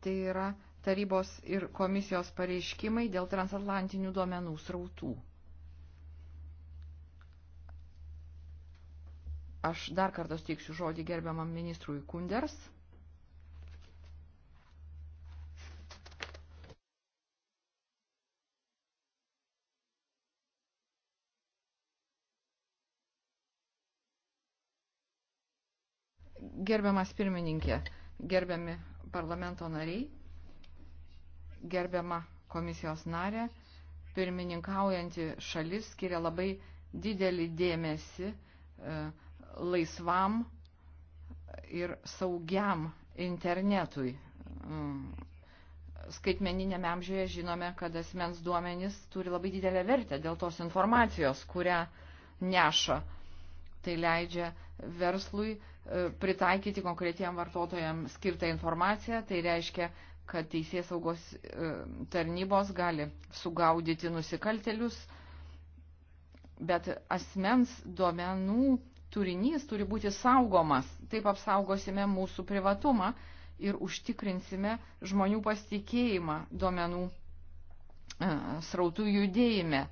tai yra tarybos ir komisijos pareiškimai dėl transatlantinių duomenų srautų. Aš dar kartą steiksiu žodį gerbiamam ministrui Kunders. Gerbiamas pirmininkė, gerbiami parlamento nariai, gerbiama komisijos narė, pirmininkaujanti šalis skiria labai didelį dėmesį e, laisvam ir saugiam internetui. Mm. Skaitmeninėme amžiuje žinome, kad asmens duomenys turi labai didelę vertę dėl tos informacijos, kurią neša. Tai leidžia verslui pritaikyti konkretiem vartotojams skirtą informaciją. Tai reiškia, kad teisės saugos e, tarnybos gali sugaudyti nusikaltelius, bet asmens duomenų turinys turi būti saugomas. Taip apsaugosime mūsų privatumą ir užtikrinsime žmonių pasitikėjimą duomenų e, srautų judėjime.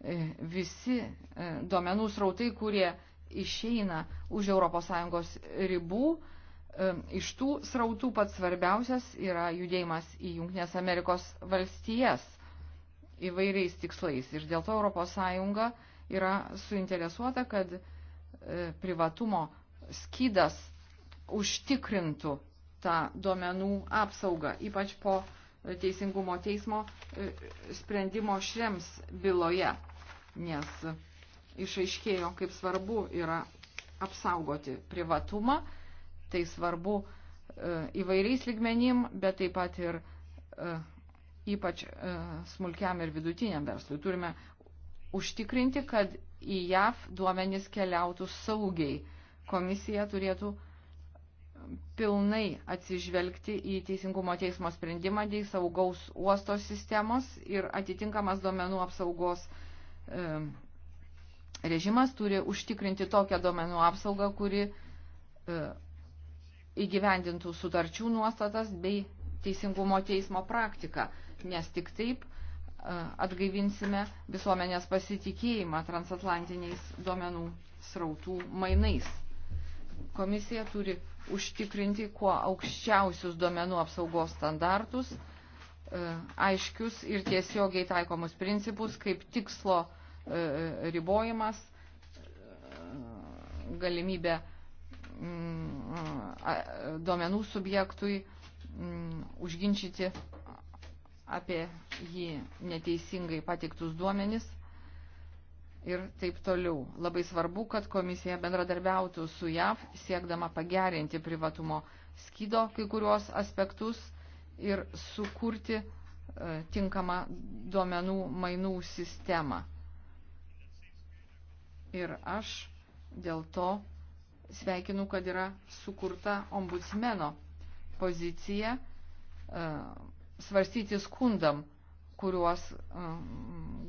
E, visi duomenų srautai, kurie išeina už ES ribų. E, iš tų srautų pats svarbiausias yra judėjimas į Junktinės Amerikos valstijas įvairiais tikslais. Ir dėl to ES yra suinteresuota, kad e, privatumo skydas užtikrintų tą duomenų apsaugą, ypač po e, Teisingumo teismo sprendimo šrems byloje, nes išaiškėjo, kaip svarbu yra apsaugoti privatumą, tai svarbu e, įvairiais ligmenim, bet taip pat ir e, ypač e, smulkiam ir vidutiniam verslui. Turime užtikrinti, kad į JAV duomenys keliautų saugiai. Komisija turėtų pilnai atsižvelgti į Teisingumo teismo sprendimą dėl saugaus uosto sistemos ir atitinkamas duomenų apsaugos e, režimas turi užtikrinti tokią domenų apsaugą, kuri e, įgyvendintų sutarčių nuostatas bei teisingumo teismo praktiką, nes tik taip e, atgaivinsime visuomenės pasitikėjimą transatlantiniais duomenų srautų mainais. Komisija turi užtikrinti kuo aukščiausius duomenų apsaugos standartus, e, aiškius ir tiesiogiai taikomus principus kaip tikslo ribojimas, galimybė mm, duomenų subjektui mm, užginčyti apie jį neteisingai patiktus duomenis ir taip toliau. Labai svarbu, kad komisija bendradarbiautų su JAV, siekdama pagerinti privatumo skydo kai kuriuos aspektus ir sukurti e, tinkamą duomenų mainų sistemą ir aš dėl to sveikinu, kad yra sukurta ombudsmeno pozicija e, svarstyti skundam, kuriuos e,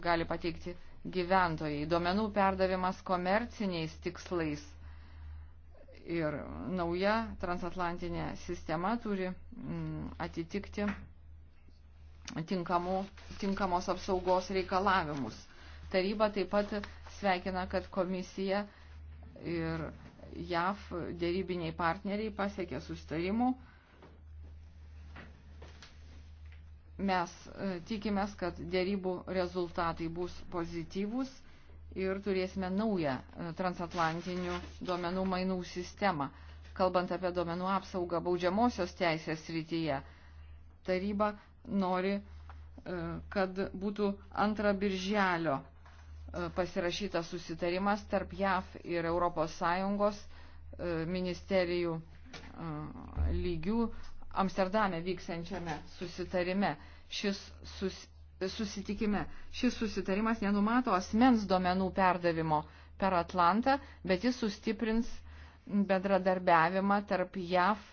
gali pateikti gyventojai. Duomenų perdavimas komerciniais tikslais ir nauja transatlantinė sistema turi atitikti tinkamų, tinkamos apsaugos reikalavimus. Taryba taip pat sveikina, kad komisija ir JAV dėrybiniai partneriai pasiekė sustarimų. Mes e, tikimės, kad dėrybų rezultatai bus pozityvūs ir turėsime naują e, transatlantinių duomenų mainų sistemą. Kalbant apie duomenų apsaugą baudžiamosios teisės srityje, taryba nori, e, kad būtų antra birželio E, pasirašytas susitarimas tarp JAV ir ES e, ministerijų e, lygių Amsterdame vyksiančiame susitarime. Šis sus, susitikime. Šis susitarimas nenumato asmens duomenų perdavimo per Atlantą, bet jis sustiprins bendradarbiavimą tarp JAV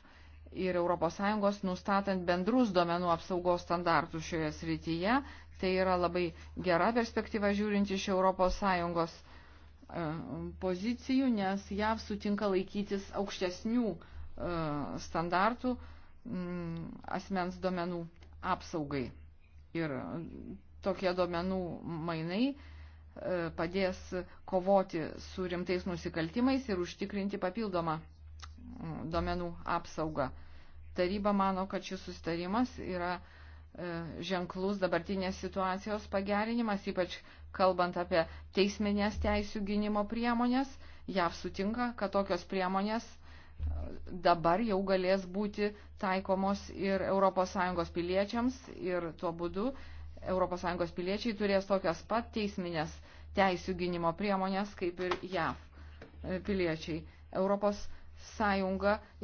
ir ES nustatant bendrus duomenų apsaugos standartus šioje srityje Tai yra labai gera perspektyva žiūrint iš ES e, pozicijų, nes JAV sutinka laikytis aukštesnių e, standartų asmens duomenų apsaugai. Ir tokie duomenų mainai e, padės kovoti su rimtais nusikaltimais ir užtikrinti papildomą duomenų apsaugą. Taryba mano, kad šis sustarimas yra uh, E, ženklus dabartinės situacijos pagerinimas, ypač kalbant apie teisminės teisų gynimo priemonės. JAV sutinka, kad tokios priemonės e, dabar jau galės būti taikomos ir ES piliečiams ir tuo būdu ES piliečiai turės tokias pat teisminės teisų gynimo priemonės kaip ir JAV e, piliečiai. ES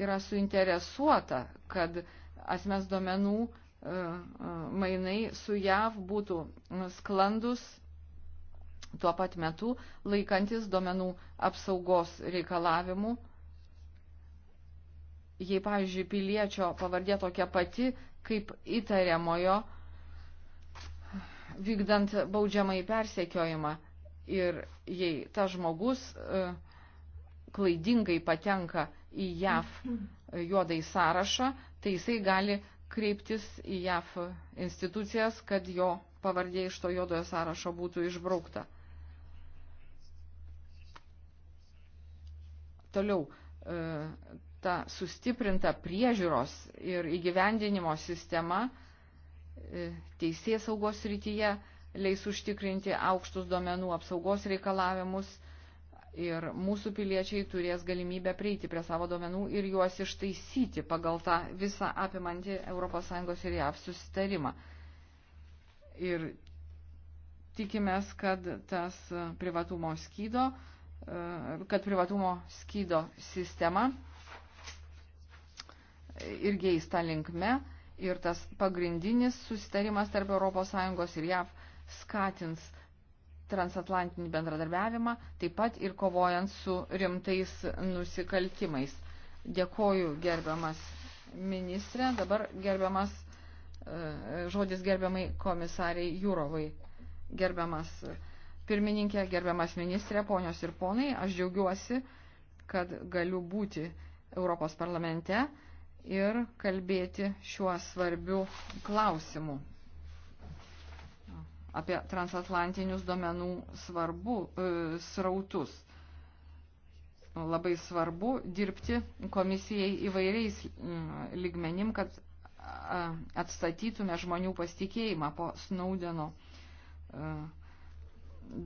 yra suinteresuota, kad asmens duomenų uh, mainai su JAV būtų sklandus tuo pat metu laikantis duomenų apsaugos reikalavimų. Jei, pavyzdžiui, piliečio pavardė tokia pati kaip įtariamojo vykdant baudžiamą į persekiojimą ir jei tas žmogus e, klaidingai patenka į JAV e, juodai sąrašą, tai jisai gali kreiptis į JAF institucijas, kad jo pavardė iš to juodojo sąrašo būtų išbraukta. Toliau, e, ta sustiprinta priežiūros ir įgyvendinimo sistema e, teisės saugos rytyje leis užtikrinti aukštus duomenų apsaugos reikalavimus ir mūsų piliečiai turės galimybę prieiti prie savo duomenų ir juos ištaisyti pagal tą visą apimantį ES ir JAV susitarimą. Ir tikimės, kad tas privatumo skydo, e, kad privatumo skydo sistema irgi įsta linkme ir tas pagrindinis susitarimas tarp ES ir JAV skatins uh, transatlantinį bendradarbiavimą, taip pat ir kovojant su rimtais nusikaltimais. Dėkoju gerbiamas ministrė, dabar gerbiamas e, žodis gerbiamai komisariai Jūrovai. Gerbiamas e, pirmininkė, gerbiamas ministrė, ponios ir ponai, aš džiaugiuosi, kad galiu būti Europos parlamente ir kalbėti šiuo svarbiu klausimu apie transatlantinius duomenų svarbu, e, srautus. Labai svarbu dirbti komisijai įvairiais ligmenim, kad atstatytume žmonių pasitikėjimą po Snaudeno e,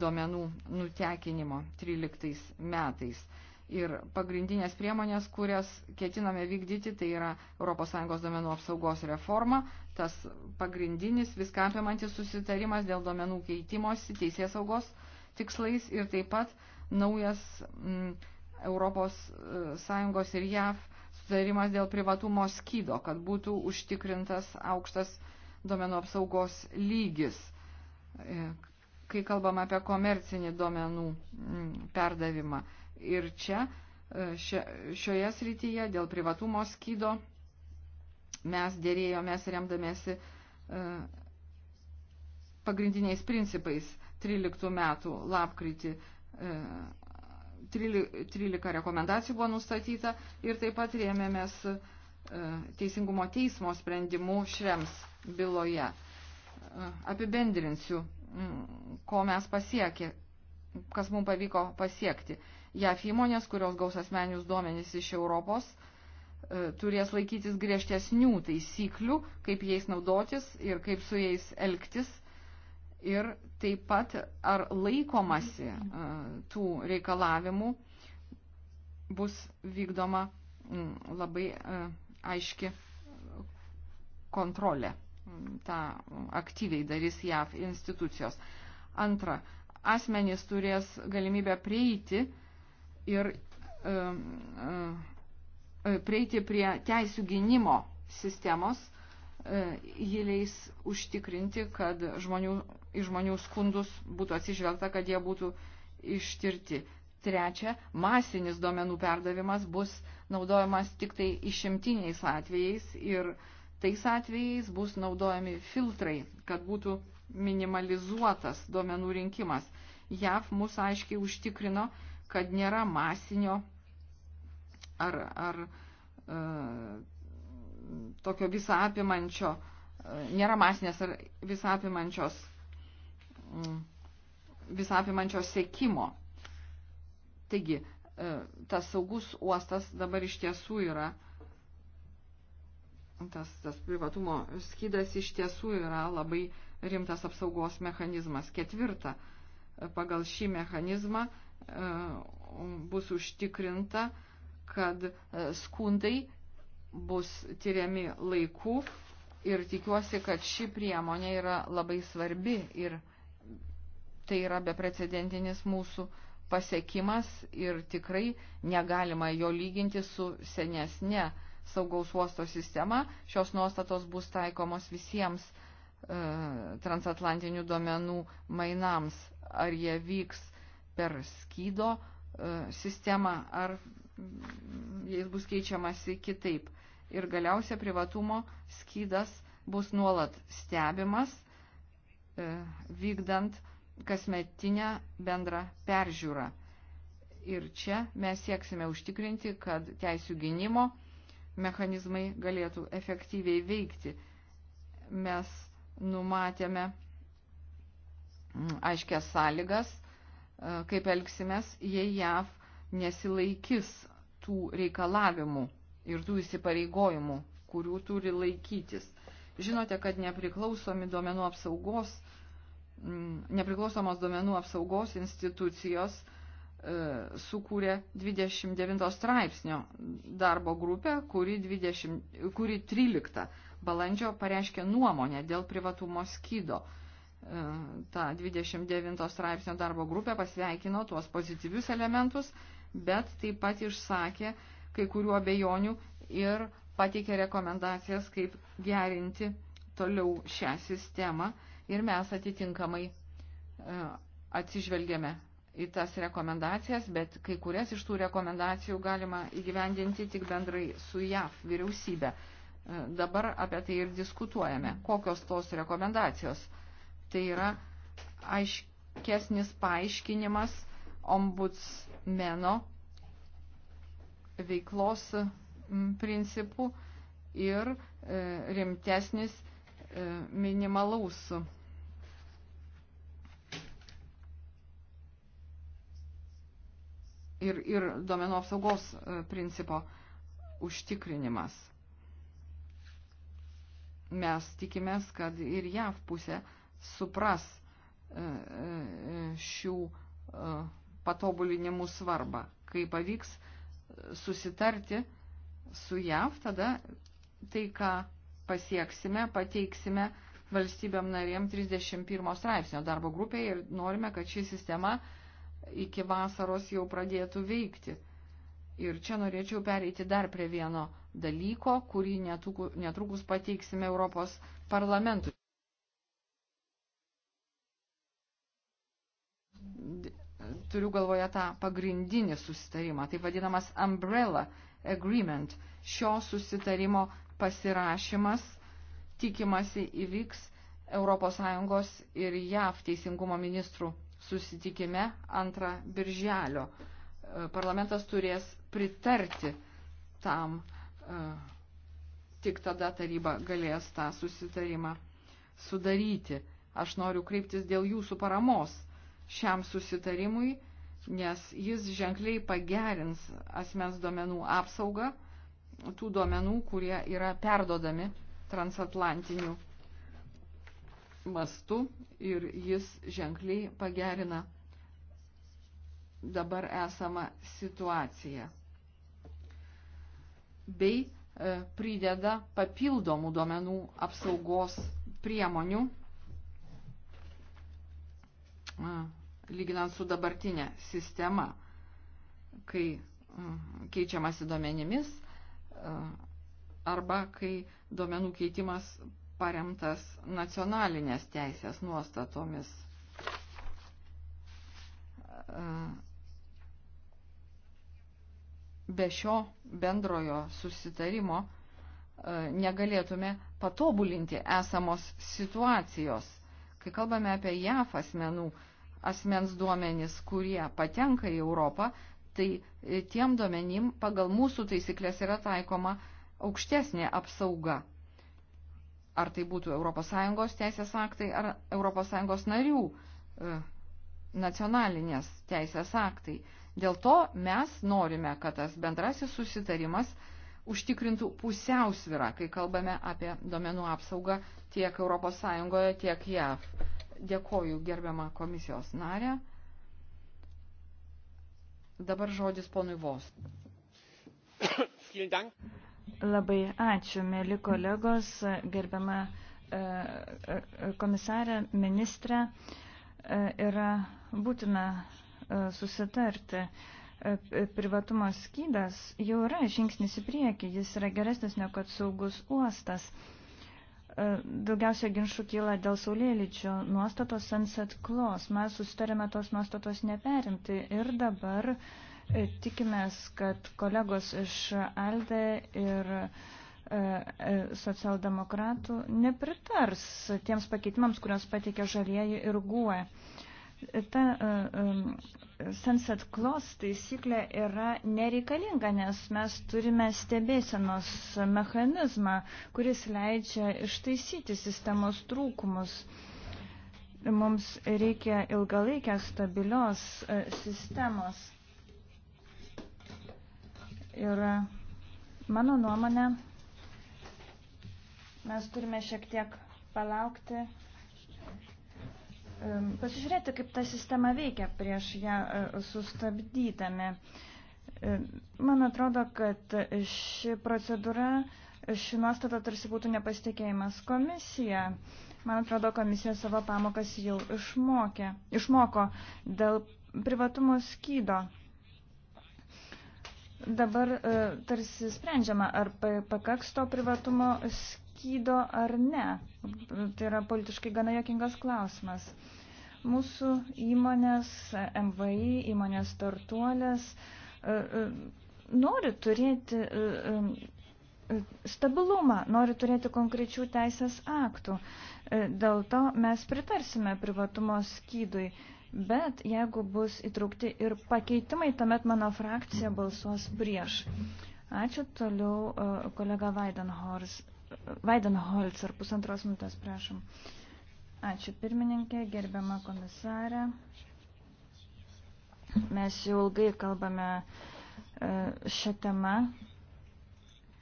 duomenų nutekinimo 13 metais ir pagrindinės priemonės, kurias ketiname vykdyti, tai yra ES domenų apsaugos reforma, tas pagrindinis viskampiamantis susitarimas dėl domenų keitimosi teisės saugos tikslais ir taip pat naujas mm, ES ir JAV sutarimas dėl privatumo skydo, kad būtų užtikrintas aukštas domenų apsaugos lygis. E, kai kalbam apie komercinį domenų mm, perdavimą, ir čia e, šioje srityje dėl privatumo skydo mes dėrėjomės remdamėsi e, pagrindiniais principais 13 metų lapkritį 13 e, rekomendacijų buvo nustatyta ir taip pat rėmėmės Teisingumo teismo sprendimu šrems byloje. Apibendrinsiu, ko mes pasiekė, kas mums pavyko pasiekti. JAF įmonės, kurios gaus asmeninius duomenys iš Europos, e, turės laikytis griežtesnių taisyklių, kaip jais naudotis ir kaip su jais elgtis. Ir taip pat ar laikomasi e, tų reikalavimų bus vykdoma labai e, aiški kontrolė. Ta aktyviai darys JAV institucijos. Antra, asmenys turės galimybę prieiti uh, ir prieiti prie teisų gynimo sistemos, e, ji leis užtikrinti, kad žmonių, į žmonių skundus būtų atsižvelgta, kad jie būtų ištirti. Trečia, masinis duomenų perdavimas bus naudojamas tik tai išimtiniais atvejais ir tais atvejais bus naudojami filtrai, kad būtų minimalizuotas duomenų rinkimas. JAV mus aiškiai užtikrino, kad nėra masinio ar, ar e, tokio visą apimančio, e, nėra masinės ar visą apimančios, mm, visą apimančios sėkimo. Taigi, e, tas saugus uostas dabar iš tiesų yra tas, tas privatumo skydas iš tiesų yra labai rimtas apsaugos mechanizmas. Ketvirta, pagal šį mechanizmą E, bus užtikrinta, kad e, skundai bus tyriami laiku ir tikiuosi, kad ši priemonė yra labai svarbi ir tai yra beprecedentinis mūsų pasiekimas ir tikrai negalima jo lyginti su senesne saugaus uosto sistema. Šios nuostatos bus taikomos visiems e, transatlantinių duomenų mainams, ar jie vyks per skydo e, sistemą, ar jais bus keičiamasi kitaip. Ir galiausia privatumo skydas bus nuolat stebimas, e, vykdant kasmetinę bendrą peržiūrą. Ir čia mes sieksime užtikrinti, kad teisų gynimo mechanizmai galėtų efektyviai veikti. Mes numatėme aiškias sąlygas E, kaip elgsimės, jei JAV nesilaikys tų reikalavimų ir tų įsipareigojimų, kurių turi laikytis. Žinote, kad nepriklausomi duomenų apsaugos, nepriklausomos duomenų apsaugos institucijos e, sukūrė 29 straipsnio darbo grupę, kuri, 20, kuri 13 balandžio pareiškė nuomonę dėl privatumo skydo. E, tą 29 straipsnio darbo grupę pasveikino tuos pozityvius elementus, bet taip pat išsakė kai kurių abejonių ir pateikė rekomendacijas, kaip gerinti toliau šią sistemą ir mes atitinkamai e, atsižvelgėme į tas rekomendacijas, bet kai kurias iš tų rekomendacijų galima įgyvendinti tik bendrai su JAF vyriausybė. E, dabar apie tai ir diskutuojame, kokios tos rekomendacijos. Tai yra aiškesnis paaiškinimas ombudsmeno veiklos principų ir e, rimtesnis e, minimalaus ir, ir domenų apsaugos e, principo užtikrinimas. Mes tikimės, kad ir JAV pusė supras e, e, šių e, patobulinimų svarbą. Kai pavyks susitarti su JAV, tada tai, ką pasieksime, pateiksime valstybėm narėm 31 straipsnio darbo grupėje ir norime, kad ši sistema iki vasaros jau pradėtų veikti. Ir čia norėčiau pereiti dar prie vieno dalyko, kurį netrukus pateiksime Europos parlamentui. turiu galvoje tą pagrindinį susitarimą, tai vadinamas umbrella agreement. Šio susitarimo pasirašymas tikimasi įvyks ES ir JAV teisingumo ministrų susitikime 2 birželio. E, parlamentas turės pritarti tam, e, tik tada taryba galės tą susitarimą sudaryti. Aš noriu kreiptis dėl jūsų paramos šiam susitarimui, nes jis ženkliai pagerins asmens duomenų apsaugą tų duomenų, kurie yra perdodami transatlantiniu mastu ir jis ženkliai pagerina dabar esamą situaciją. Bei e, prideda papildomų duomenų apsaugos priemonių lyginant su dabartinė sistema, kai mm, keičiamasi duomenimis e, arba kai duomenų keitimas paremtas nacionalinės teisės nuostatomis. E, be šio bendrojo susitarimo e, negalėtume patobulinti esamos situacijos. Kai kalbame apie JAF asmenų asmens duomenys, kurie patenka į Europą, tai e, tiem duomenim pagal mūsų taisyklės yra taikoma aukštesnė apsauga. Ar tai būtų ES teisės aktai ar ES narių e, nacionalinės teisės aktai. Dėl to mes norime, kad tas bendrasis susitarimas užtikrintų pusiausvirą, kai kalbame apie domenų apsaugą tiek ES, tiek JAV. Dėkoju gerbiamą komisijos narę. Dabar žodis ponui Vos. Labai ačiū, mėly kolegos, gerbiama e, e, komisarė, ministrė. E, yra būtina susitarti. Privatumo skydas jau yra žingsnis į priekį, jis yra geresnis negu kad saugus uostas. E, daugiausia ginčių kyla dėl saulėlyčio nuostatos sunset clause. Mes susitarėme tos nuostatos neperimti ir dabar e, tikimės, kad kolegos iš ALDE ir e, socialdemokratų nepritars tiems pakeitimams, kurios pateikė žalieji ir guoja ta uh, sunset clause taisyklė yra nereikalinga, nes mes turime stebėsenos mechanizmą, kuris leidžia ištaisyti sistemos trūkumus. Mums reikia ilgalaikės stabilios uh, sistemos. Ir mano nuomonė, mes turime šiek tiek palaukti pasižiūrėti, kaip ta sistema veikia prieš ją e, sustabdydami. Man atrodo, kad ši procedūra, ši nuostata tarsi būtų nepasitikėjimas komisija. Man atrodo, komisija savo pamokas jau išmokė, išmoko dėl privatumo skydo. Dabar e, tarsi sprendžiama, ar pakaks to privatumo skydo skydo ar ne. Tai yra politiškai gana jokingas klausimas. Mūsų įmonės, MVI, įmonės startuolės e, e, nori turėti e, stabilumą, nori turėti konkrečių teisės aktų. Dėl to mes pritarsime privatumo skydui, bet jeigu bus įtraukti ir pakeitimai, tuomet mano frakcija balsuos prieš. Ačiū toliau kolega Vaidenhors. Vaidenholzer, pusantros minutės, prašom. Ačiū pirmininkė, gerbiama komisarė. Mes jau ilgai kalbame e, šią temą.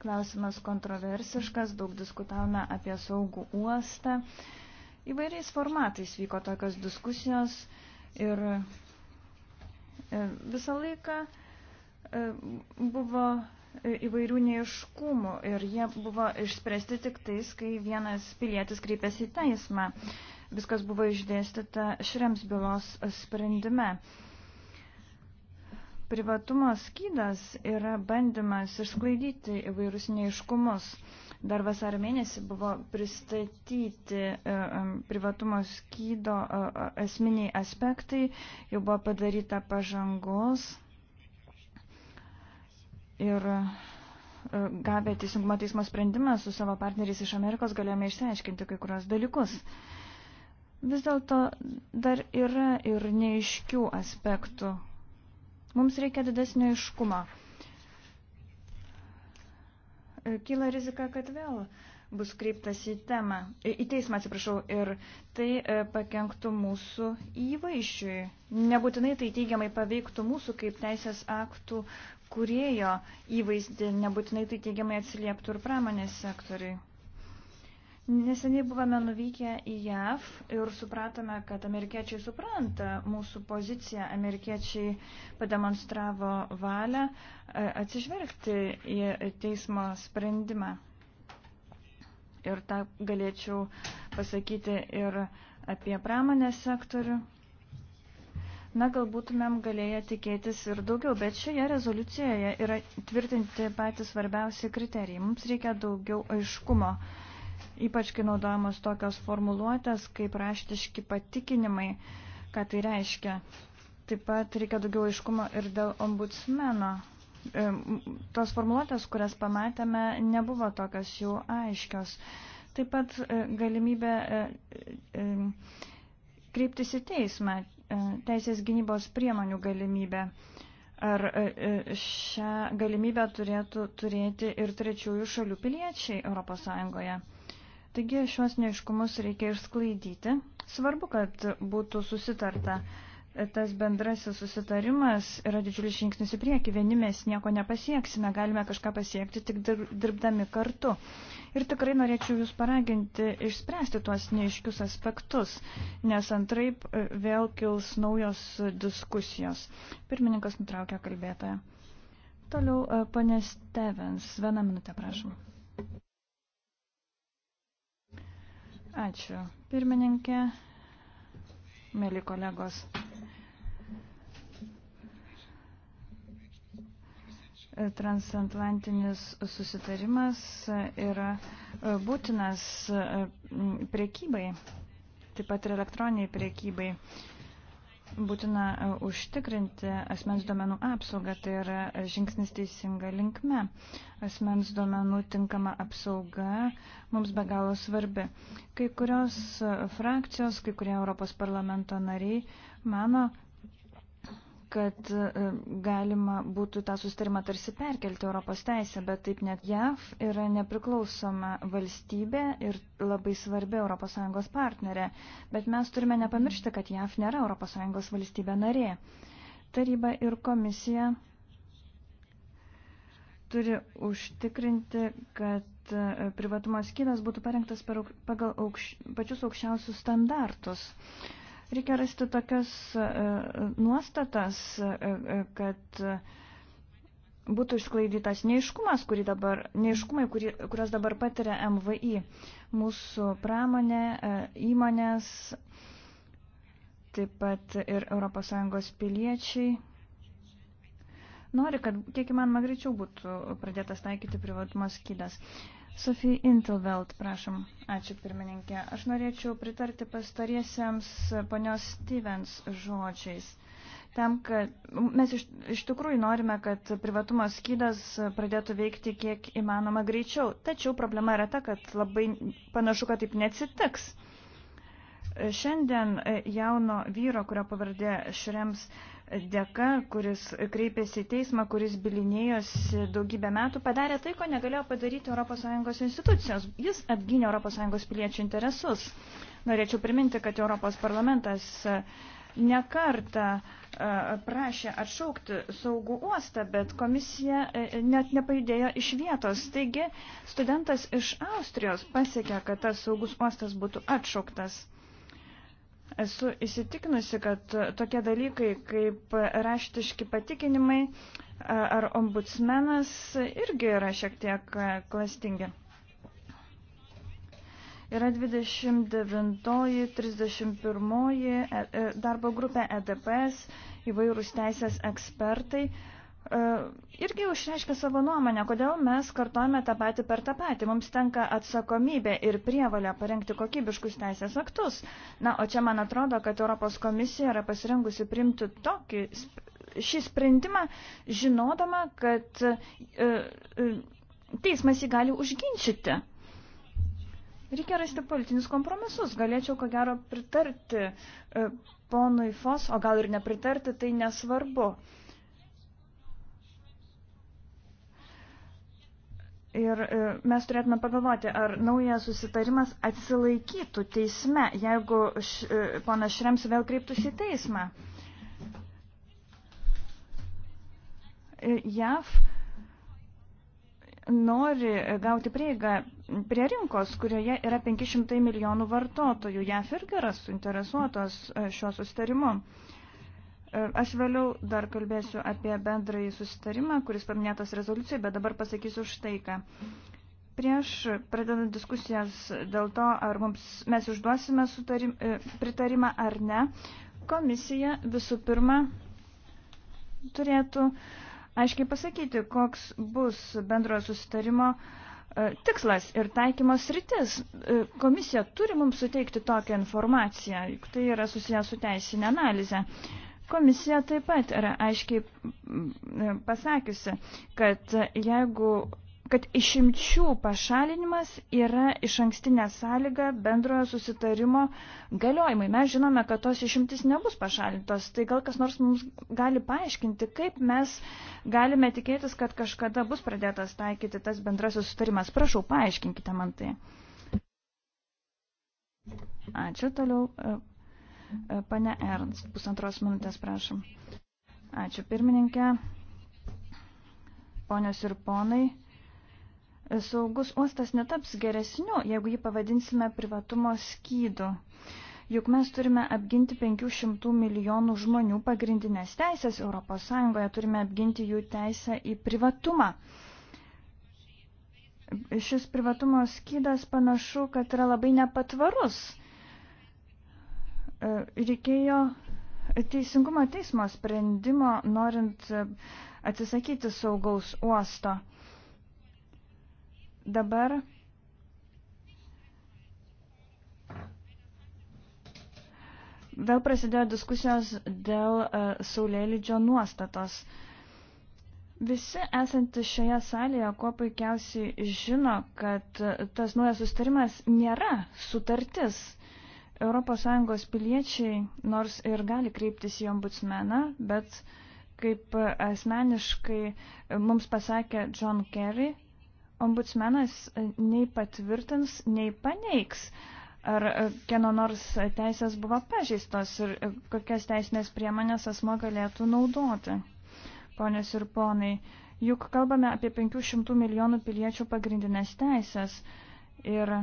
Klausimas kontroversiškas, daug diskutavome apie saugų uostą. Įvairiais formatais vyko tokios diskusijos ir e, visą laiką e, buvo įvairių neiškumų ir jie buvo išspręsti tik tais, kai vienas pilietis kreipėsi į teismą. Viskas buvo išdėstyta šrems bylos sprendime. Privatumo skydas yra bandymas išsklaidyti įvairius neiškumus. Dar vasaro mėnesį buvo pristatyti e, e, privatumo skydo e, esminiai aspektai, jau buvo padaryta pažangos Ir e, gavę teisingumo teismo sprendimą su savo partneriais iš Amerikos galėjome išsiaiškinti kai kurios dalykus. Vis dėlto dar yra ir neiškių aspektų. Mums reikia didesnio iškumo. E, kyla rizika, kad vėl uh, bus kreiptas į temą, į teismą, atsiprašau, ir tai e, pakenktų mūsų įvaišiui. Nebūtinai tai teigiamai paveiktų mūsų kaip teisės aktų kuriejo įvaizdį, nebūtinai tai teigiamai atsilieptų ir pramonės sektoriui. Neseniai buvome nuvykę į JAV ir supratome, kad amerikiečiai supranta mūsų poziciją. Amerikiečiai pademonstravo valią e, atsižvelgti į teismo sprendimą ir tą galėčiau pasakyti ir apie pramonės sektorių. Na, gal būtumėm galėję tikėtis ir daugiau, bet šioje rezoliucijoje yra tvirtinti patys svarbiausi kriterijai. Mums reikia daugiau aiškumo, ypač kai naudojamos tokios formuluotės kaip raštiški patikinimai, ką tai reiškia. Taip pat reikia daugiau aiškumo ir dėl ombudsmeno tos formuotės, kurias pamatėme, nebuvo tokios jau aiškios. Taip pat e, galimybė e, e, kreiptis į teismą, teisės gynybos priemonių galimybė. Ar šią galimybę turėtų turėti ir trečiųjų šalių piliečiai ES? Taigi šios neiškumus reikia išsklaidyti. Svarbu, kad būtų susitarta tas bendrasis susitarimas yra didžiulis žingsnis į priekį. Vieni mes nieko nepasieksime, galime kažką pasiekti tik dirbdami kartu. Ir tikrai norėčiau Jūs paraginti išspręsti tuos neiškius aspektus, nes antraip e, vėl kils naujos diskusijos. Pirmininkas nutraukė kalbėtoją. Toliau, e, ponė Stevens, vieną minutę prašom. Ačiū. Pirmininkė, mėly kolegos. Transatlantinis susitarimas yra būtinas priekybai, taip pat ir elektroniniai priekybai. Būtina e, užtikrinti asmens duomenų apsaugą, tai yra e, žingsnis teisinga linkme. Asmens duomenų tinkama apsauga mums be galo svarbi. Kai kurios e, frakcijos, kai kurie Europos parlamento nariai mano, kad e, galima būtų tą sustarimą tarsi perkelti Europos teisę, bet taip net JAV yra nepriklausoma valstybė ir labai svarbi ES partnerė, bet mes turime nepamiršti, kad JAV nėra ES valstybė narė. Taryba ir komisija turi užtikrinti, kad e, privatumo skydas būtų parengtas pagal aukš, pačius aukščiausius standartus. Uh, Reikia rasti tokias e, e, nuostatas, e, kad būtų išsklaidytas neiškumas, kurį dabar, neiškumai, kurį, kurios dabar patiria MVI, mūsų pramonė, įmonės, taip pat ir ES piliečiai. Nori, kad kiek įmanoma greičiau būtų pradėtas taikyti privatumo skydas. Sofija Intelveld, prašom. Ačiū pirmininkė. Aš norėčiau pritarti pastariesiems ponios Stevens žodžiais. Tam, kad mes iš, iš tikrųjų norime, kad privatumo skydas pradėtų veikti kiek įmanoma greičiau. Tačiau problema yra ta, kad labai panašu, kad taip neatsitiks. Šiandien jauno vyro, kurio pavardė Šrems, uh, dėka, kuris kreipėsi į teismą, kuris bilinėjosi daugybę metų, padarė tai, ko negalėjo padaryti ES institucijos. Jis apgynė ES piliečių interesus. Norėčiau priminti, kad Europos parlamentas e, nekartą e, prašė atšaukti saugų uostą, bet komisija e, net nepajudėjo iš vietos. Taigi studentas iš Austrijos pasiekė, kad tas saugus uostas būtų atšauktas. Esu įsitikinusi, kad tokie dalykai kaip raštiški patikinimai ar ombudsmenas irgi yra šiek tiek klastingi. Yra 29-31 e, e, darbo grupė EDPS, įvairūs teisės ekspertai E, irgi išreiškia savo nuomonę, kodėl mes kartojame tą patį per tą patį. Mums tenka atsakomybė ir prievalė parengti kokybiškus teisės aktus. Na, o čia man atrodo, kad Europos komisija yra pasirengusi priimti tokį, šį sprendimą, žinodama, kad e, e, teismas jį gali užginčyti. Reikia rasti politinius kompromisus. Galėčiau, ko gero, pritarti e, ponui Fos, o gal ir nepritarti, tai nesvarbu. E, Ir e, mes turėtume pagalvoti, ar naujas susitarimas atsilaikytų teisme, jeigu š, e, pana Šrems vėl kreiptųsi į teismą. E, JAV nori gauti prieigą prie rinkos, kurioje yra 500 milijonų vartotojų. JAV irgi yra suinteresuotos šiuo susitarimu. E, aš vėliau dar kalbėsiu apie bendrąjį susitarimą, kuris paminėtas rezoliucijoje, bet dabar pasakysiu štai ką. Prieš pradedant diskusijas dėl to, ar mums, mes išduosime sutarim, e, pritarimą ar ne, komisija visų pirma turėtų aiškiai pasakyti, koks bus bendrojo susitarimo e, tikslas ir taikymos rytis. Komisija turi mums suteikti tokią informaciją, juk tai yra susijęs su teisinė analizė. Komisija taip pat yra aiškiai pasakiusi, kad jeigu kad išimčių pašalinimas yra iš ankstinė sąlyga bendrojo susitarimo galiojimai. Mes žinome, kad tos išimtis nebus pašalintos. Tai gal kas nors mums gali paaiškinti, kaip mes galime tikėtis, kad kažkada bus pradėtas taikyti tas bendrasis susitarimas. Prašau, paaiškinkite man tai. Ačiū toliau, e, E, pane Ernst, pusantros minutės, prašom. Ačiū pirmininkė. Ponios ir ponai, e, saugus uostas netaps geresniu, jeigu jį pavadinsime privatumo skydu. Juk mes turime apginti 500 milijonų žmonių pagrindinės teisės ES, turime apginti jų teisę į privatumą. Šis privatumo skydas panašu, kad yra labai nepatvarus E, reikėjo teisingumo teismo sprendimo, norint e, atsisakyti saugaus uosto. Dabar vėl prasidėjo diskusijos dėl uh, Saulėlydžio nuostatos. Visi esantys šioje salėje kuo puikiausiai žino, kad tas naujas sustarimas nėra sutartis. Uh, ES piliečiai nors ir gali kreiptis į ombudsmeną, bet kaip asmeniškai mums pasakė John Kerry, ombudsmenas nei patvirtins, nei paneigs, ar kieno nors teisės buvo pažeistos ir kokias teisinės priemonės asmo galėtų naudoti. Ponės ir ponai, juk kalbame apie 500 milijonų piliečių pagrindinės teisės ir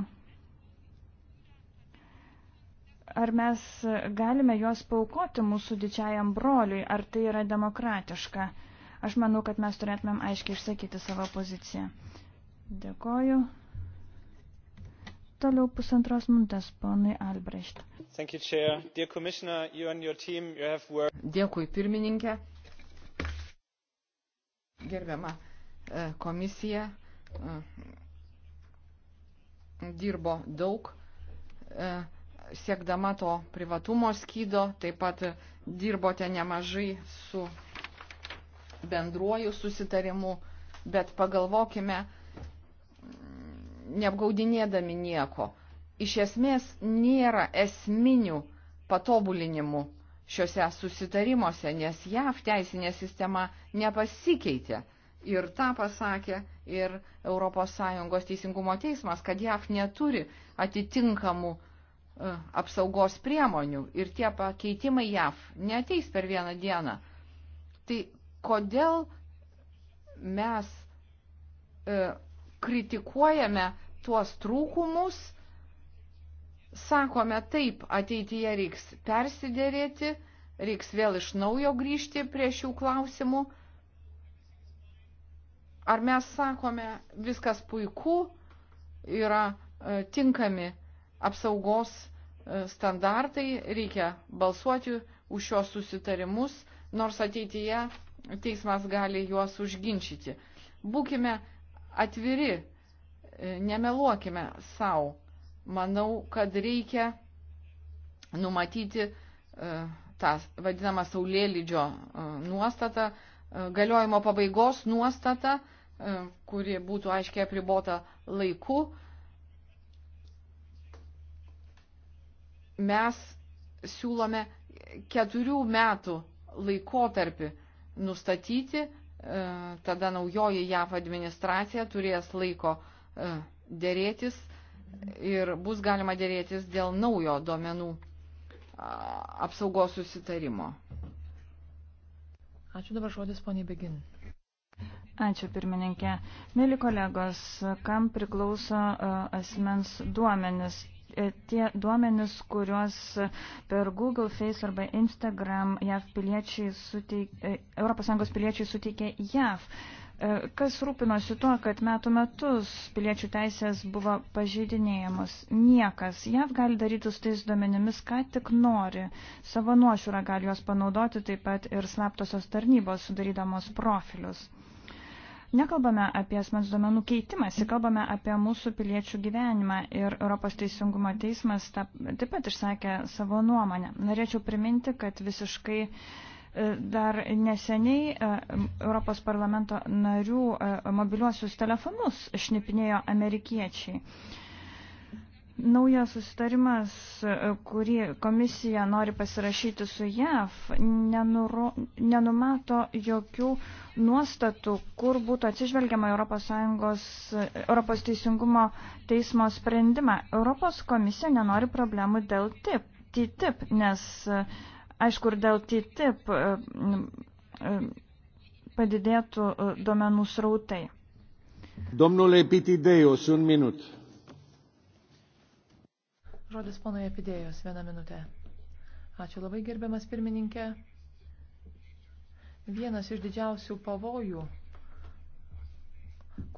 Ar mes galime juos paukoti mūsų didžiajam broliui, ar tai yra demokratiška? Aš manau, kad mes turėtumėm aiškiai išsakyti savo poziciją. Dėkoju. Toliau pusantros minutės, ponai Albrecht. You Dėkui, pirmininkė. Gerbiama e, komisija e, dirbo daug e, siekdama to privatumo skydo, taip pat dirbote nemažai su bendruoju susitarimu, bet pagalvokime, neapgaudinėdami nieko. Iš esmės nėra esminių patobulinimų šiuose susitarimuose, nes JAV teisinė sistema nepasikeitė. Ir tą pasakė ir ES teisingumo teismas, kad JAV neturi atitinkamų E, apsaugos priemonių ir tie pakeitimai JAV neteis per vieną dieną. Tai kodėl mes e, kritikuojame tuos trūkumus, sakome taip, ateityje reiks persidėrėti, reiks vėl iš naujo grįžti prie šių klausimų. Ar mes sakome, viskas puiku, yra e, tinkami apsaugos e, standartai, reikia balsuoti už šios susitarimus, nors ateityje teismas gali juos užginčyti. Būkime atviri, e, nemeluokime savo. Manau, kad reikia numatyti e, tą vadinamą saulėlydžio nuostatą, galiojimo pabaigos nuostatą, kuri būtų aiškiai apribota laiku mes siūlome keturių metų laikotarpį nustatyti, e, tada naujoji JAV administracija turės laiko e, dėrėtis ir bus galima dėrėtis dėl naujo duomenų apsaugos susitarimo. Ačiū dabar žodis poniai Begin. Ačiū pirmininkė. Mėly kolegos, kam priklauso asmens duomenis? E, tie duomenys, kuriuos per Google, Face arba Instagram JAV piliečiai suteik, e, ES piliečiai suteikė JAV. E, kas rūpinosi tuo, kad metų metus piliečių teisės buvo pažeidinėjamos? Niekas. JAV gali daryti su tais duomenimis, ką tik nori. Savo nuošiūrą gali juos panaudoti taip pat ir slaptosios tarnybos sudarydamos profilius. Nekalbame apie asmens duomenų keitimąsi, kalbame apie mūsų piliečių gyvenimą ir Europos Teisingumo teismas ta, taip pat išsakė savo nuomonę. Norėčiau priminti, kad visiškai e, dar neseniai e, Europos parlamento narių e, mobiliuosius telefonus šnipinėjo amerikiečiai. Naujas susitarimas, kurį komisija nori pasirašyti su JAV, nenuro, nenumato jokių nuostatų, kur būtų atsižvelgiama ES, Europos teisingumo teismo sprendimą. Europos komisija nenori problemų dėl TIP, TTIP, nes aišku, ir dėl TTIP padidėtų e, duomenų srautai. Domnule Pitidėjus, un minut. Žodis ponui Epidėjos, vieną minutę. Ačiū labai gerbiamas pirmininkė. Vienas iš didžiausių pavojų,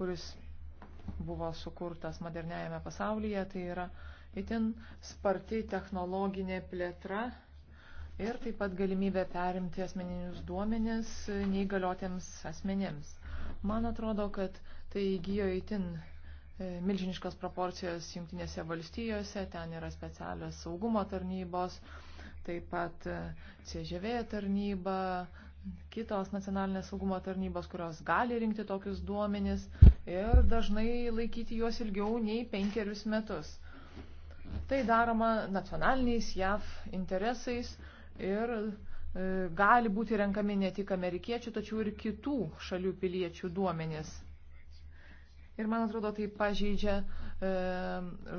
kuris buvo sukurtas moderniajame pasaulyje, tai yra itin sparti technologinė plėtra ir taip pat galimybė perimti asmeninius duomenis neįgaliotėms asmenėms. Man atrodo, kad tai įgyjo itin E, milžiniškos proporcijos jungtinėse valstijose, ten yra specialios saugumo tarnybos, taip pat e, CŽV tarnyba, kitos nacionalinės saugumo tarnybos, kurios gali rinkti tokius duomenis ir dažnai laikyti juos ilgiau nei penkerius metus. Tai daroma nacionaliniais JAV interesais ir e, gali būti renkami ne tik amerikiečių, tačiau ir kitų šalių piliečių duomenis. Ir man atrodo, tai pažeidžia e,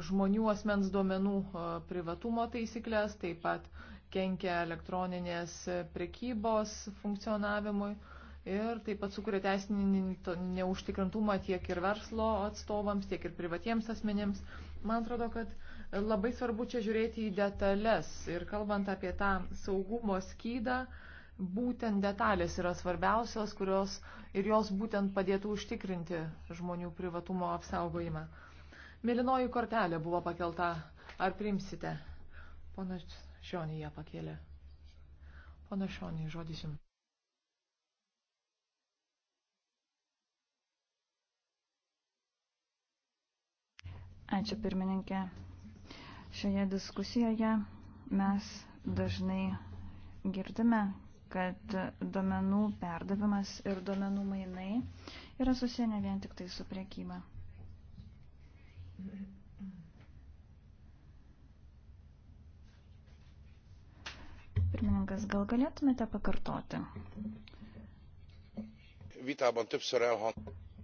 žmonių asmens duomenų e, privatumo taisyklės, taip pat kenkia elektroninės prekybos funkcionavimui ir taip pat sukuria teisinį neužtikrintumą tiek ir verslo atstovams, tiek ir privatiems asmenėms. Man atrodo, kad labai svarbu čia žiūrėti į detalės ir kalbant apie tą saugumo skydą, e, būtent detalės yra svarbiausios, kurios ir jos būtent padėtų užtikrinti žmonių privatumo apsaugojimą. Mėlynoji kortelė buvo pakelta. Ar primsite? Pana Šionį ją pakėlė. Pana Šionį, žodis jums. Ačiū pirmininkė. Šioje diskusijoje mes dažnai girdime, kad duomenų perdavimas ir duomenų mainai yra susiję ne vien tik tai su priekyba. Pirmininkas, gal galėtumėte pakartoti?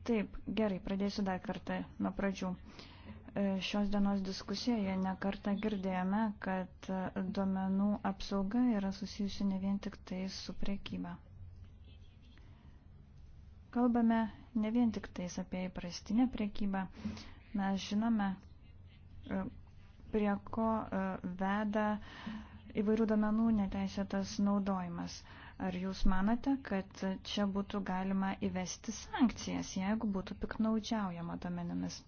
Taip, gerai, pradėsiu dar kartą nuo pradžių. Uh, E, šios dienos diskusijoje nekartą girdėjome, kad e, duomenų apsauga yra susijusi ne vien tik tai su priekyba. Kalbame ne vien tik tais apie įprastinę priekybą, mes žinome, e, prie ko veda įvairių duomenų neteisėtas naudojimas. Ar jūs manote, kad čia būtų galima įvesti sankcijas, jeigu būtų piknaudžiaujama domenimis?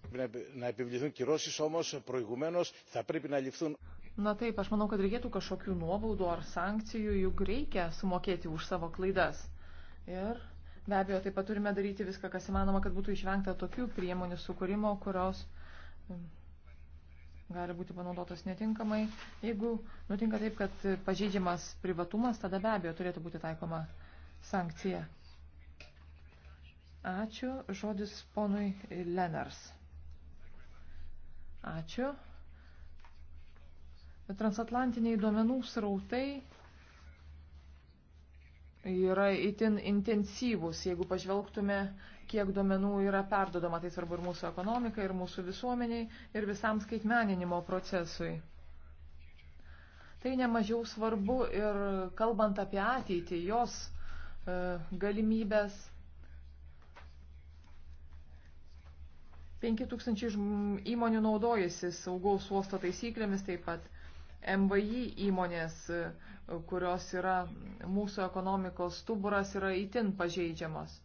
Na taip, aš manau, kad reikėtų kažkokių nuobaudų ar sankcijų, juk reikia sumokėti už savo klaidas. Ir be abejo, taip pat turime daryti viską, kas įmanoma, kad būtų išvengta tokių priemonių sukūrimo, kurios gali būti panaudotos netinkamai. Jeigu nutinka taip, kad pažeidžiamas privatumas, tada be abejo turėtų būti taikoma sankcija. Ačiū. Žodis ponui Lenars. Ačiū. Transatlantiniai duomenų srautai yra itin intensyvūs. Jeigu pažvelgtume kiek duomenų yra perdodama, tai svarbu ir mūsų ekonomikai, ir mūsų visuomeniai, ir visam skaitmeninimo procesui. Tai nemažiau svarbu ir kalbant apie ateitį, jos e, galimybės. 5000 įmonių naudojasi saugaus uosto taisyklėmis, taip pat MVI įmonės, e, kurios yra mūsų ekonomikos stuburas, yra itin pažeidžiamos.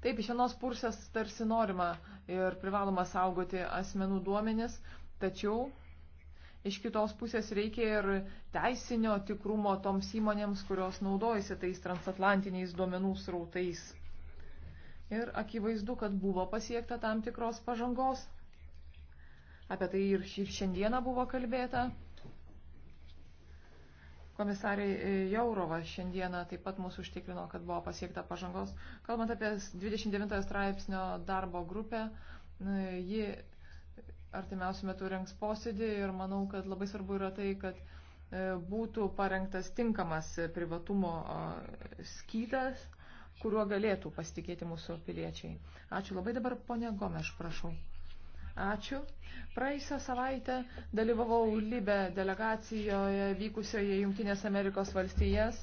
Taip, iš vienos pusės tarsi norima ir privaloma saugoti asmenų duomenis, tačiau iš kitos pusės reikia ir teisinio tikrumo toms įmonėms, kurios naudojasi tais transatlantiniais duomenų srautais. Ir akivaizdu, kad buvo pasiekta tam tikros pažangos. Apie tai ir šiandieną buvo kalbėta. Komisarė Jaurova šiandieną taip pat mūsų užtikrino, kad buvo pasiekta pažangos. Kalbant apie 29 straipsnio darbo grupę, ji artimiausių metų rengs posėdį ir manau, kad labai svarbu yra tai, kad e, būtų parengtas tinkamas privatumo skydas, kuriuo galėtų pasitikėti mūsų piliečiai. Ačiū labai dabar, ponė Gomeš, prašau. Ačiū. Praėjusią savaitę dalyvavau Libe delegacijoje vykusioje Junktinės Amerikos valstijas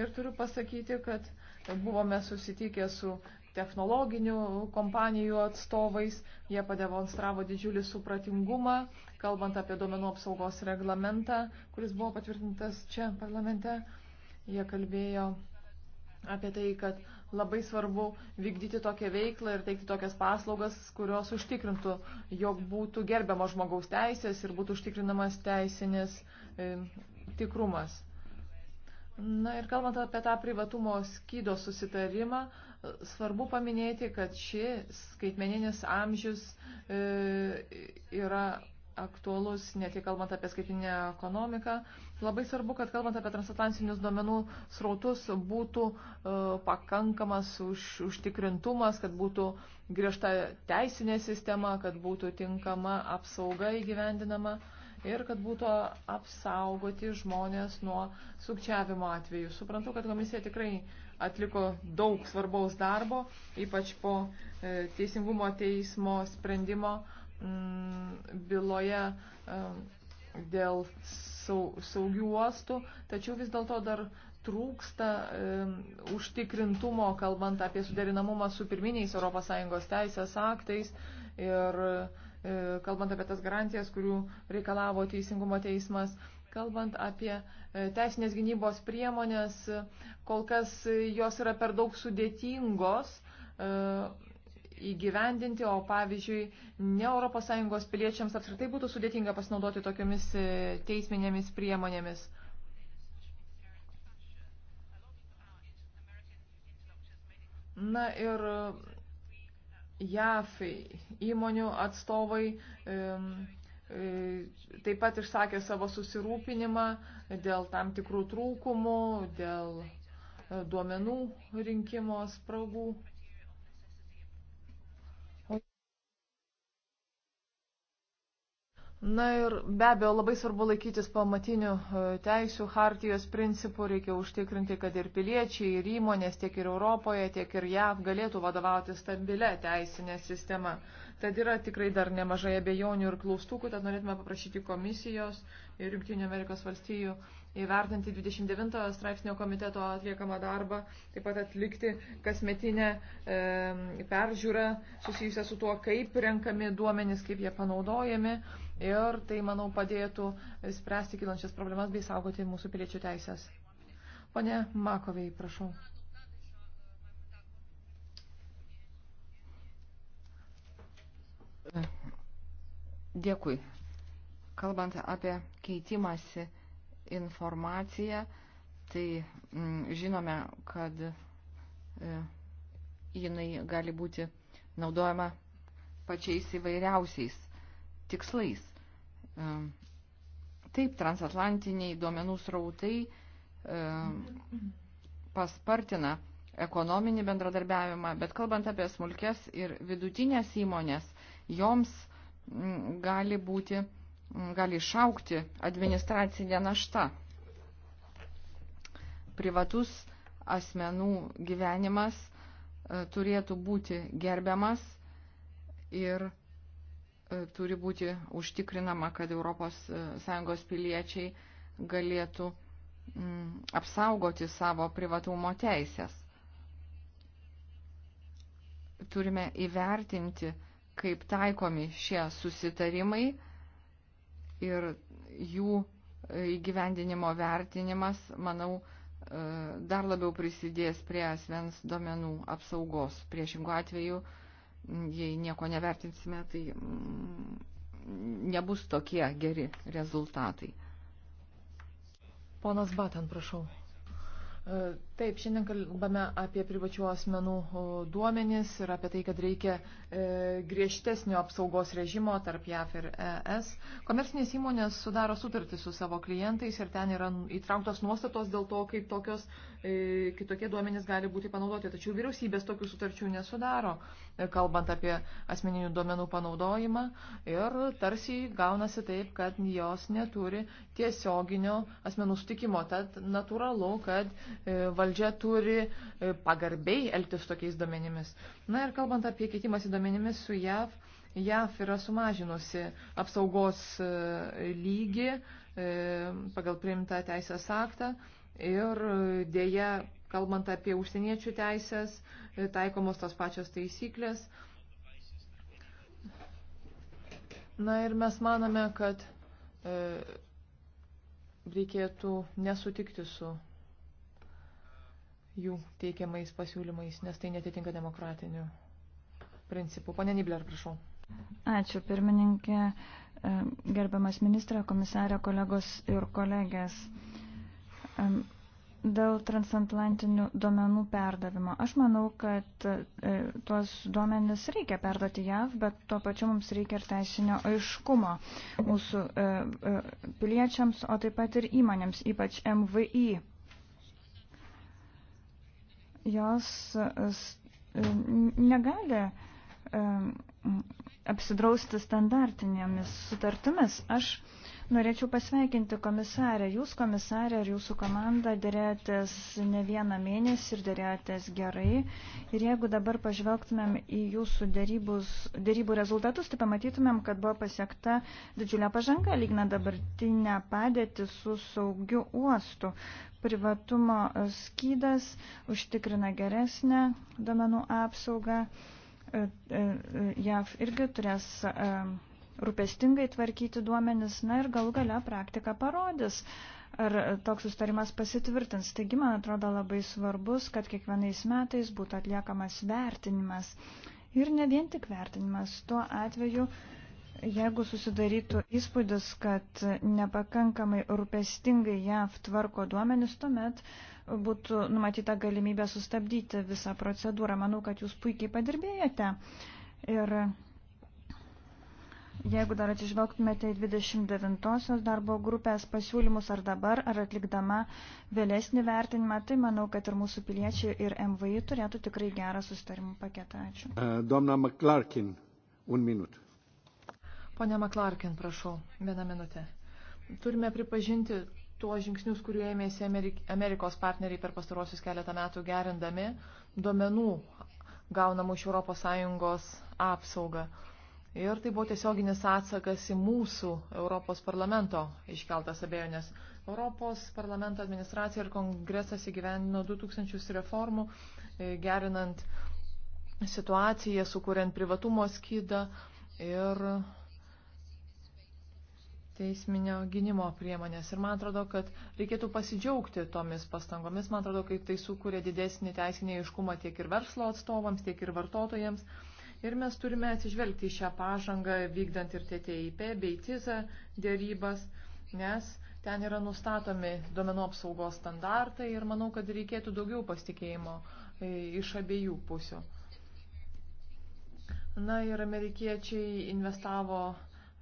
ir turiu pasakyti, kad buvome susitikę su technologinių kompanijų atstovais, jie pademonstravo didžiulį supratingumą, kalbant apie duomenų apsaugos reglamentą, kuris buvo patvirtintas čia parlamente. Jie kalbėjo apie tai, kad labai svarbu vykdyti tokią veiklą ir teikti tokias paslaugas, kurios užtikrintų, jog būtų gerbiamos žmogaus teisės ir būtų užtikrinamas teisinės e, tikrumas. Na ir kalbant apie tą privatumo skydo susitarimą, svarbu paminėti, kad ši skaitmeninis amžius e, yra aktualus ne tik kalbant apie skaitinę ekonomiką. Labai svarbu, kad kalbant apie transatlantinius duomenų srautus būtų e, pakankamas už, užtikrintumas, kad būtų griežta teisinė sistema, kad būtų tinkama apsauga įgyvendinama ir kad būtų apsaugoti žmonės nuo sukčiavimo atveju. Suprantu, kad komisija tikrai atliko daug svarbaus darbo, ypač po e, Teisingumo teismo sprendimo Mm, byloje dėl saugių uostų, tačiau vis dėlto dar trūksta e, užtikrintumo, kalbant apie suderinamumą su pirminiais ES teisės aktais ir e, kalbant apie tas garantijas, kurių reikalavo Teisingumo teismas. Kalbant apie e, teisinės gynybos priemonės, kol kas jos yra per daug sudėtingos. E, įgyvendinti, o pavyzdžiui, ne ES piliečiams apskritai būtų sudėtinga pasinaudoti tokiomis e, teisminėmis priemonėmis. Na ir e, JAF įmonių atstovai e, taip pat išsakė savo susirūpinimą dėl tam tikrų trūkumų, dėl duomenų rinkimo spragų. Na ir be abejo labai svarbu laikytis pamatinių e, teisių, hartijos principų, reikia užtikrinti, kad ir piliečiai, ir įmonės tiek ir Europoje, tiek ir JAV galėtų vadovauti stabilią teisinę sistemą. Tad yra tikrai dar nemažai abejonių ir klaustukų, tad norėtume paprašyti komisijos ir Junktinių Amerikos valstijų įvertinti 29 straipsnio komiteto atliekamą darbą, taip pat atlikti kasmetinę e, peržiūrą susijusią su tuo, kaip renkami duomenys, kaip jie panaudojami ir tai, manau, padėtų spręsti kilančias problemas bei saugoti mūsų piliečių teisės. Pone Makoviai, prašau. Dėkui. Kalbant apie keitimąsi informaciją, tai m, mm, žinome, kad e, jinai gali būti naudojama pačiais įvairiausiais tikslais. Taip, transatlantiniai duomenų srautai paspartina ekonominį bendradarbiavimą, bet kalbant apie smulkės ir vidutinės įmonės, joms gali būti, gali išaukti administracinė našta. Privatus asmenų gyvenimas e, turėtų būti gerbiamas ir E, turi būti užtikrinama, kad ES e, piliečiai galėtų mm, apsaugoti savo privatumo teisės. Turime įvertinti, kaip taikomi šie susitarimai ir jų e, įgyvendinimo vertinimas, manau, dar labiau prisidės prie asmens domenų apsaugos. Priešingų atveju, jei nieko nevertinsime, tai mm, nebus tokie geri rezultatai. Ponas Batan, prašau. E, Taip, šiandien kalbame apie privačių asmenų duomenis ir apie tai, kad reikia e, griežtesnio apsaugos režimo tarp JAF ir ES. Komercinės įmonės sudaro sutartį su savo klientais ir ten yra įtrauktos nuostatos dėl to, kaip tokios, e, kitokie duomenys gali būti panaudoti. Tačiau vyriausybės tokių sutarčių nesudaro, e, kalbant apie asmeninių duomenų panaudojimą. Ir tarsi gaunasi taip, kad jos neturi tiesioginio asmenų sutikimo. Tad natūralu, kad e, valdžia turi e, pagarbiai elgtis tokiais duomenimis. Na ir kalbant apie keitimąsi duomenimis su JAV, JAV yra sumažinusi apsaugos e, lygį e, pagal priimtą teisės aktą ir dėja, kalbant apie užsieniečių teisės, taikomos tos pačios taisyklės. Na ir mes manome, kad reikėtų nesutikti su jų teikiamais pasiūlymais, nes tai netitinka demokratinių principų. Pane Nibler, prašau. Ačiū, pirmininkė, e, gerbiamas ministrė, komisarė, kolegos ir kolegės. E, dėl transatlantinių duomenų perdavimo. Aš manau, kad e, tuos duomenis reikia perduoti JAV, bet tuo pačiu mums reikia ir teisinio aiškumo mūsų piliečiams, o taip pat ir įmonėms, ypač MVI jos e, e, negali e, apsidrausti standartinėmis sutartimis. Aš Norėčiau pasveikinti komisarę. Jūs, komisarė, ir jūsų komanda dėrėtės ne vieną mėnesį ir dėrėtės gerai. Ir jeigu dabar pažvelgtumėm į jūsų dėrybus, dėrybų rezultatus, tai pamatytumėm, kad buvo pasiekta didžiulė pažanga, lygnant dabartinę padėtį su saugiu uostu. Privatumo skydas užtikrina geresnę domenų apsaugą. E, e, e, JAV irgi turės rūpestingai tvarkyti duomenis, na ir gal gale praktika parodys, ar toks sustarimas pasitvirtins. Taigi, man atrodo labai svarbus, kad kiekvienais metais būtų atliekamas vertinimas. Ir ne vien tik vertinimas, tuo atveju, jeigu susidarytų įspūdis, kad nepakankamai rūpestingai JAV tvarko duomenis, tuomet būtų numatyta galimybė sustabdyti visą procedūrą. Manau, kad jūs puikiai padirbėjote. Ir Jeigu dar atsižvelgtumėte į 29-osios darbo grupės pasiūlymus ar dabar, ar atlikdama vėlesnį vertinimą, tai manau, kad ir mūsų piliečiai ir MVI turėtų tikrai gerą sustarimų paketą. Ačiū. E, Domna McClarkin, un minut. Pone McClarkin, prašau, vieną minutę. Turime pripažinti tuos žingsnius, kuriuo ėmėsi Amerikos partneriai per pastarosius keletą metų gerindami duomenų gaunamų iš ES apsaugą. Ir tai buvo tiesioginis atsakas į mūsų Europos parlamento iškeltas abejonės. Europos parlamento administracija ir kongresas įgyvendino 2000 reformų, e, gerinant situaciją, sukuriant privatumo skydą ir teisminio gynimo priemonės. Ir man atrodo, kad reikėtų pasidžiaugti tomis pastangomis. Man atrodo, kaip tai sukuria didesnį teisinį aiškumą tiek ir verslo atstovams, tiek ir vartotojams. Ir mes turime atsižvelgti į šią pažangą, vykdant ir TTIP bei TIZA dėrybas, nes ten yra nustatomi duomenų apsaugos standartai ir manau, kad reikėtų daugiau pasitikėjimo e, iš abiejų pusių. Na ir amerikiečiai investavo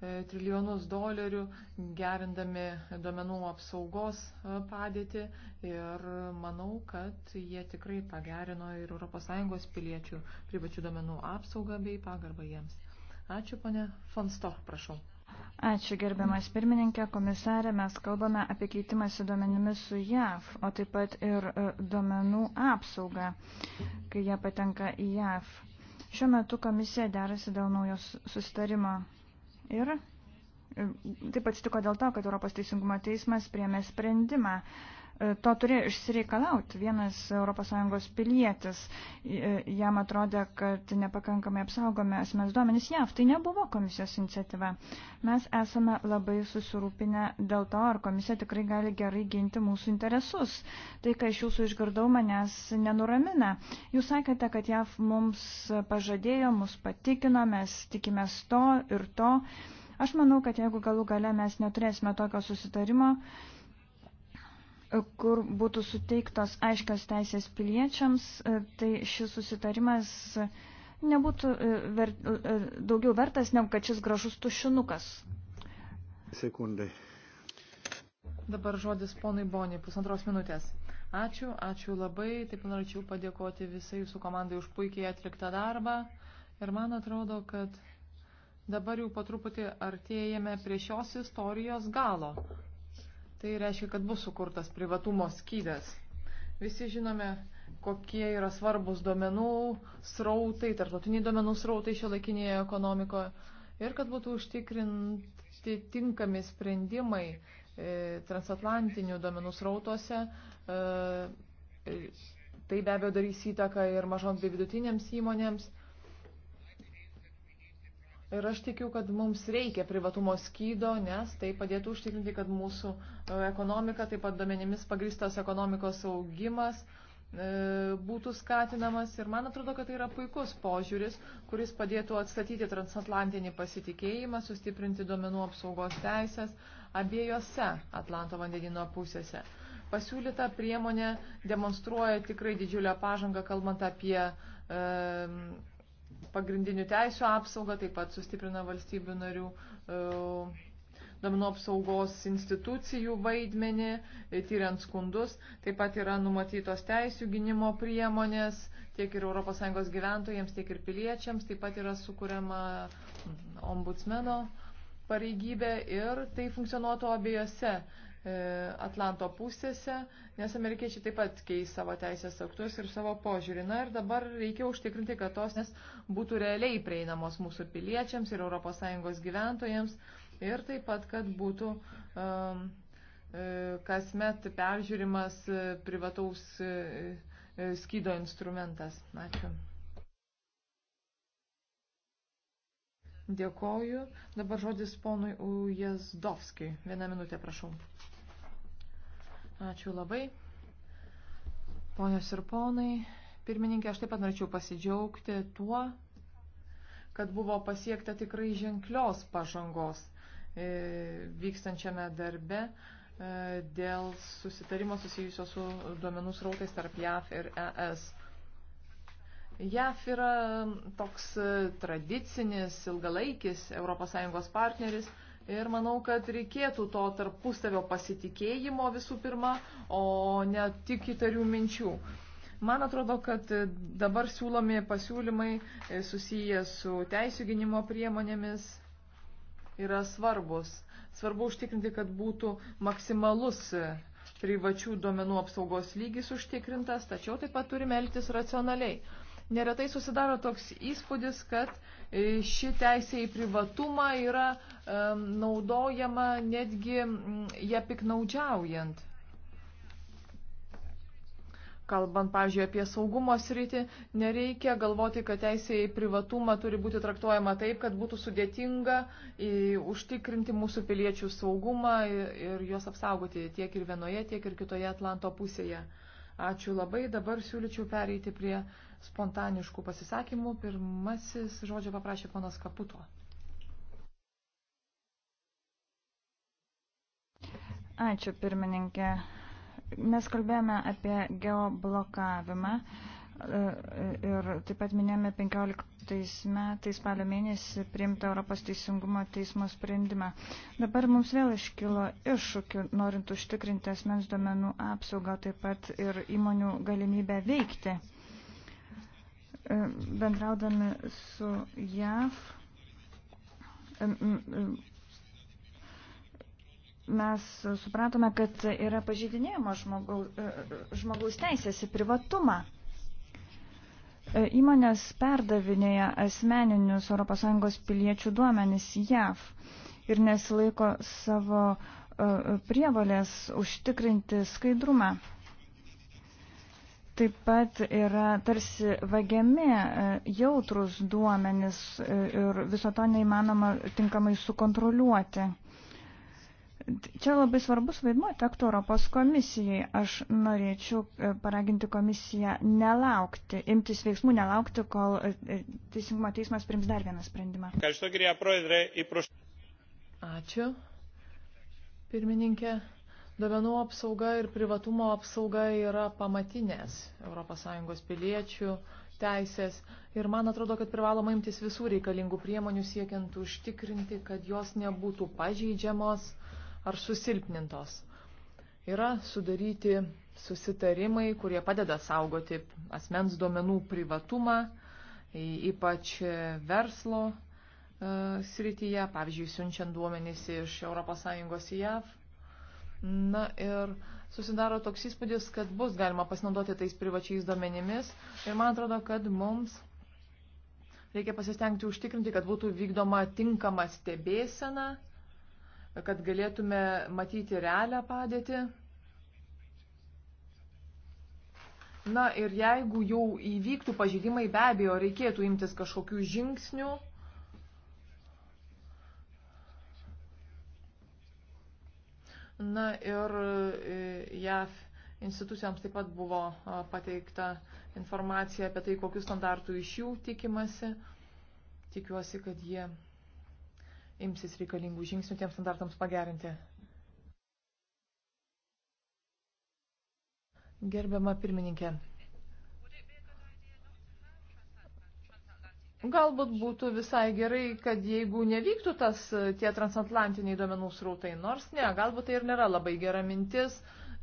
E, trilijonus dolerių, gerindami duomenų apsaugos e, padėtį ir manau, kad jie tikrai pagerino ir ES piliečių privačių duomenų apsaugą bei pagarbą jiems. Ačiū, ponė Fonstoch, prašau. Ačiū, gerbiamas pirmininkė, komisarė, mes kalbame apie keitimąsi duomenimis su JAV, o taip pat ir e, duomenų apsaugą, kai jie patenka į JAV. Šiuo metu komisija derasi dėl naujos susitarimo Ir e, taip atsitiko dėl to, kad Europos teisingumo teismas priemė sprendimą, uh, E, to turėjo išsireikalauti vienas ES pilietis. E, jam atrodė, kad nepakankamai apsaugome asmens duomenys JAV. Tai nebuvo komisijos iniciatyva. Mes esame labai susirūpinę dėl to, ar komisija tikrai gali gerai ginti mūsų interesus. Tai, ką iš jūsų išgirdau, manęs nenuramina. Jūs sakėte, kad JAV mums pažadėjo, mus patikino, mes tikimės to ir to. Aš manau, kad jeigu galų gale mes neturėsime tokio susitarimo, uh, kur būtų suteiktos aiškios teisės piliečiams, e, tai šis susitarimas nebūtų e, ver, e, daugiau vertas, negu kad šis gražus tušinukas. Sekundai. Dabar žodis ponui Boniai, pusantros minutės. Ačiū, ačiū labai, taip norėčiau padėkoti visai jūsų komandai už puikiai atliktą darbą. Ir man atrodo, kad dabar jau po truputį artėjame prie šios istorijos galo. Tai reiškia, kad bus sukurtas privatumo skydas. Visi žinome, kokie yra svarbus duomenų srautai, tarptautiniai duomenų srautai šio laikinėje ekonomikoje ir kad būtų užtikrinti tinkami sprendimai e, transatlantinių duomenų srautuose. E, e tai be abejo darys įtaką ir mažoms bei vidutinėms įmonėms. Ir aš tikiu, kad mums reikia privatumo skydo, nes tai padėtų užtikrinti, kad mūsų e, ekonomika, taip pat domenimis pagristas ekonomikos augimas e, būtų skatinamas. Ir man atrodo, kad tai yra puikus požiūris, kuris padėtų atstatyti transatlantinį pasitikėjimą, sustiprinti duomenų apsaugos teisės abiejose Atlanto vandenino pusėse. Pasiūlyta priemonė demonstruoja tikrai didžiulę pažangą, kalbant apie e, pagrindinių teisų apsaugą, taip pat sustiprina valstybių narių e, duomenų apsaugos institucijų vaidmenį, e, tyriant skundus. Taip pat yra numatytos teisų gynimo priemonės tiek ir ES gyventojams, tiek ir piliečiams. Taip pat yra sukūriama ombudsmeno pareigybė ir tai funkcionuotų abiejose E, Atlanto pusėse, nes amerikiečiai taip pat keis savo teisės aktus ir savo požiūrį. Na ir dabar reikia užtikrinti, kad tos nes būtų realiai prieinamos mūsų piliečiams ir ES gyventojams ir taip pat, kad būtų um, e, kasmet peržiūrimas e, privataus skydo instrumentas. Ačiū. Dėkoju. Dabar žodis ponui Ujazdovskijui. Vieną minutę, prašau. Ačiū labai. Ponios ir ponai, pirmininkė, aš taip pat norėčiau pasidžiaugti tuo, kad buvo pasiekta tikrai ženklios pažangos e, vykstančiame darbe e, dėl susitarimo susijusio su duomenų srautais tarp JAF ir ES. JAF yra toks tradicinis, ilgalaikis ES partneris, Ir manau, kad reikėtų to tarpusavio pasitikėjimo visų pirma, o ne tik įtarių minčių. Man atrodo, kad dabar siūlomi pasiūlymai e, susiję su teisų gynimo priemonėmis yra svarbus. Svarbu užtikrinti, kad būtų maksimalus e, privačių duomenų apsaugos lygis užtikrintas, tačiau taip pat turime elgtis racionaliai. Neretai susidaro toks įspūdis, kad e, ši teisė į privatumą yra naudojama netgi mm, ją piknaudžiaujant. Kalbant, pavyzdžiui, apie saugumo sritį, nereikia galvoti, kad teisė į privatumą turi būti traktuojama taip, kad būtų sudėtinga e, užtikrinti mūsų piliečių saugumą ir juos apsaugoti tiek ir vienoje, tiek ir kitoje Atlanto pusėje. Ačiū labai, dabar siūlyčiau pereiti prie spontaniškų pasisakymų. Pirmasis žodžio paprašė ponas Kaputo. Ačiū, pirmininkė. Mes kalbėjome apie geoblokavimą e, ir taip pat minėjome 15 metais spalio mėnesį priimtą Europos teisingumo teismo sprendimą. Dabar mums vėl iškilo iššūkių, norint užtikrinti asmens duomenų apsaugą, taip pat ir įmonių galimybę veikti. E, bendraudami su JAV e, mes supratome, kad yra pažydinėjama žmogaus, e, žmogaus teisės į privatumą. Įmonės perdavinėja asmeninius ES piliečių duomenis JAV ir nesilaiko savo prievalės užtikrinti skaidrumą taip pat yra tarsi vagiami e, jautrus duomenis e, ir viso to neįmanoma tinkamai sukontroliuoti. Čia labai svarbus vaidmuo tektų Europos komisijai. Aš norėčiau e, paraginti komisiją nelaukti, imtis veiksmų, nelaukti, kol Teisingumo teismas prims dar vieną sprendimą. Ačiū. Pirmininkė, Duomenų apsauga ir privatumo apsauga yra pamatinės ES piliečių teisės ir man atrodo, kad privaloma imtis visų reikalingų priemonių siekiant užtikrinti, kad jos nebūtų pažeidžiamos ar susilpnintos. Yra sudaryti susitarimai, kurie padeda saugoti asmens duomenų privatumą, ypač verslo e, srityje, pavyzdžiui, siunčiant duomenys iš ES į JAV Na ir susidaro toks įspūdis, kad bus galima pasinaudoti tais privačiais duomenimis ir man atrodo, kad mums reikia pasistengti užtikrinti, kad būtų vykdoma tinkama stebėsena, kad galėtume matyti realią padėtį. Na ir jeigu jau įvyktų pažydimai, be abejo, reikėtų imtis kažkokių žingsnių. Na ir e, JAV institucijoms taip pat buvo pateikta informacija apie tai, kokius standartų iš jų tikimasi. Tikiuosi, kad jie imsis reikalingų žingsnių tiems standartams pagerinti. Gerbiama pirmininkė, Galbūt būtų visai gerai, kad jeigu nevyktų tas tie transatlantiniai duomenų srautai, nors ne, galbūt tai ir nėra labai gera mintis,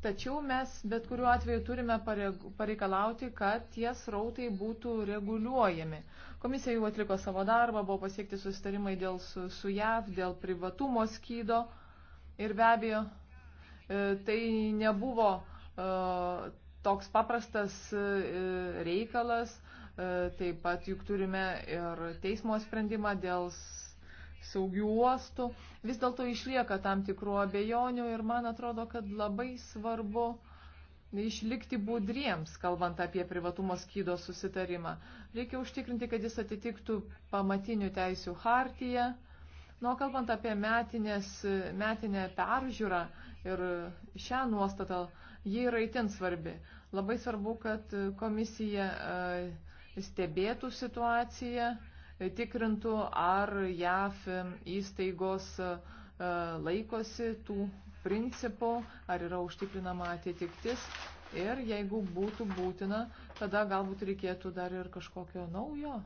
tačiau mes bet kuriuo atveju turime pareikalauti, kad tie srautai būtų reguliuojami. Komisija jau atliko savo darbą, buvo pasiekti susitarimai dėl su, su JAV, dėl privatumo skydo ir be abejo, e, tai nebuvo e, toks paprastas e, reikalas E, taip pat juk turime ir teismo sprendimą dėl saugių uostų. Vis dėlto išlieka tam tikrų abejonių ir man atrodo, kad labai svarbu išlikti budriems, kalbant apie privatumo skydo susitarimą. Reikia užtikrinti, kad jis atitiktų pamatinių teisių hartiją. Nuo kalbant apie metinės, metinę peržiūrą ir šią nuostatą, ji yra itin svarbi. Labai svarbu, kad komisija. E, stebėtų situaciją, tikrintų, ar JAF įstaigos e, laikosi tų principų, ar yra užtikrinama atitiktis. Ir jeigu būtų būtina, tada galbūt reikėtų dar ir kažkokio naujo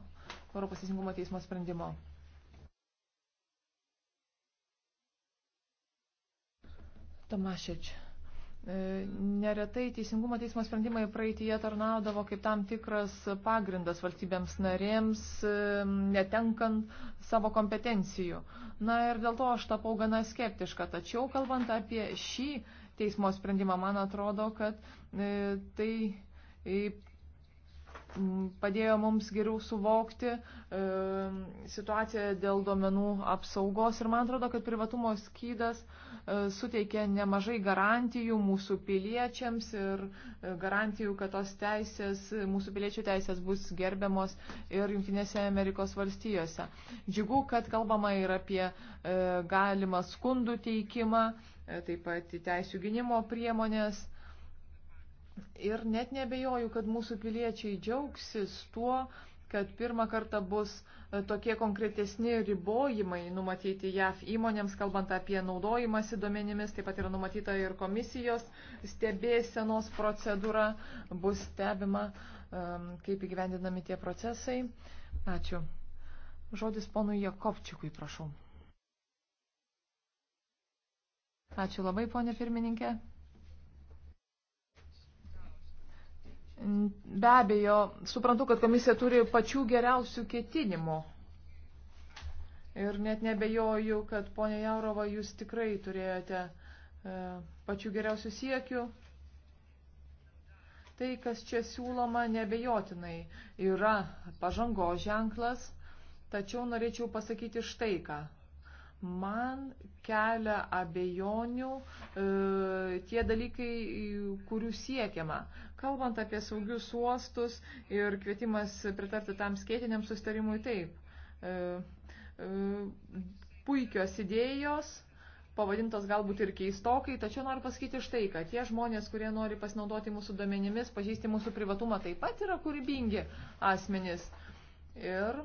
Europos teisingumo teismo sprendimo. Tomašič. E, neretai teisingumo teismo sprendimai praeitie tarnaudavo kaip tam tikras pagrindas valstybėms narėms, e, netenkant savo kompetencijų. Na ir dėl to aš tapau gana skeptiška. Tačiau kalbant apie šį teismo sprendimą, man atrodo, kad e, tai padėjo mums geriau suvokti e, situaciją dėl duomenų apsaugos ir man atrodo, kad privatumo skydas e, suteikė nemažai garantijų mūsų piliečiams ir e, garantijų, kad tos teisės, mūsų piliečių teisės bus gerbiamos ir Junktinėse Amerikos valstijose. Džiugu, kad kalbama ir apie e, galimą skundų teikimą, e, taip pat teisų gynimo priemonės Ir net nebejoju, kad mūsų piliečiai džiaugsis tuo, kad pirmą kartą bus e, tokie konkretesni ribojimai numatyti JAF įmonėms, kalbant apie naudojimąsi duomenimis, taip pat yra numatyta ir komisijos stebėsenos procedūra, bus stebima, kaip įgyvendinami tie procesai. Ačiū. Žodis ponui Jakovčikui, prašau. Ačiū labai, ponė pirmininkė. Be abejo, suprantu, kad komisija turi pačių geriausių ketinimų. Ir net nebejoju, kad ponia Jaurova, jūs tikrai turėjote e, pačių geriausių siekių. Tai, kas čia siūloma, nebejotinai yra pažango ženklas, tačiau norėčiau pasakyti štai ką man kelia abejonių e, tie dalykai, kurių siekiama. Kalbant apie saugius uostus ir kvietimas pritarti tam skėtiniam sustarimui, taip. E, e, puikios idėjos, pavadintos galbūt ir keistokai, tačiau noriu pasakyti štai, kad tie žmonės, kurie nori pasinaudoti mūsų domenimis, pažįsti mūsų privatumą, taip pat yra kūrybingi asmenys. Ir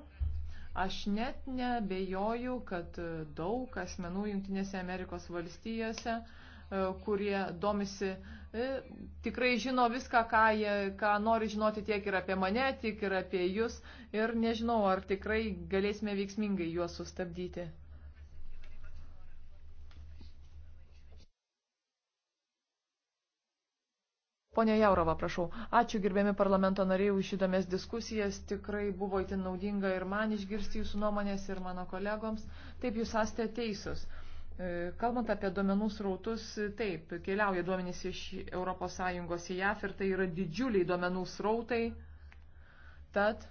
Aš net nebejoju, kad daug asmenų Junktinėse Amerikos valstijose, e, kurie domisi, e, tikrai žino viską, ką, jie, ką nori žinoti tiek ir apie mane, tiek ir apie jūs. Ir nežinau, ar tikrai galėsime veiksmingai juos sustabdyti. Pone Jaurova, prašau. Ačiū gerbiami parlamento nariai už įdomias diskusijas. Tikrai buvo itin naudinga ir man išgirsti jūsų nuomonės ir mano kolegoms. Taip, jūs esate teisus. E, kalbant apie duomenų srautus, taip, keliauja duomenys iš ES į JAF ir tai yra didžiuliai duomenų srautai. Tad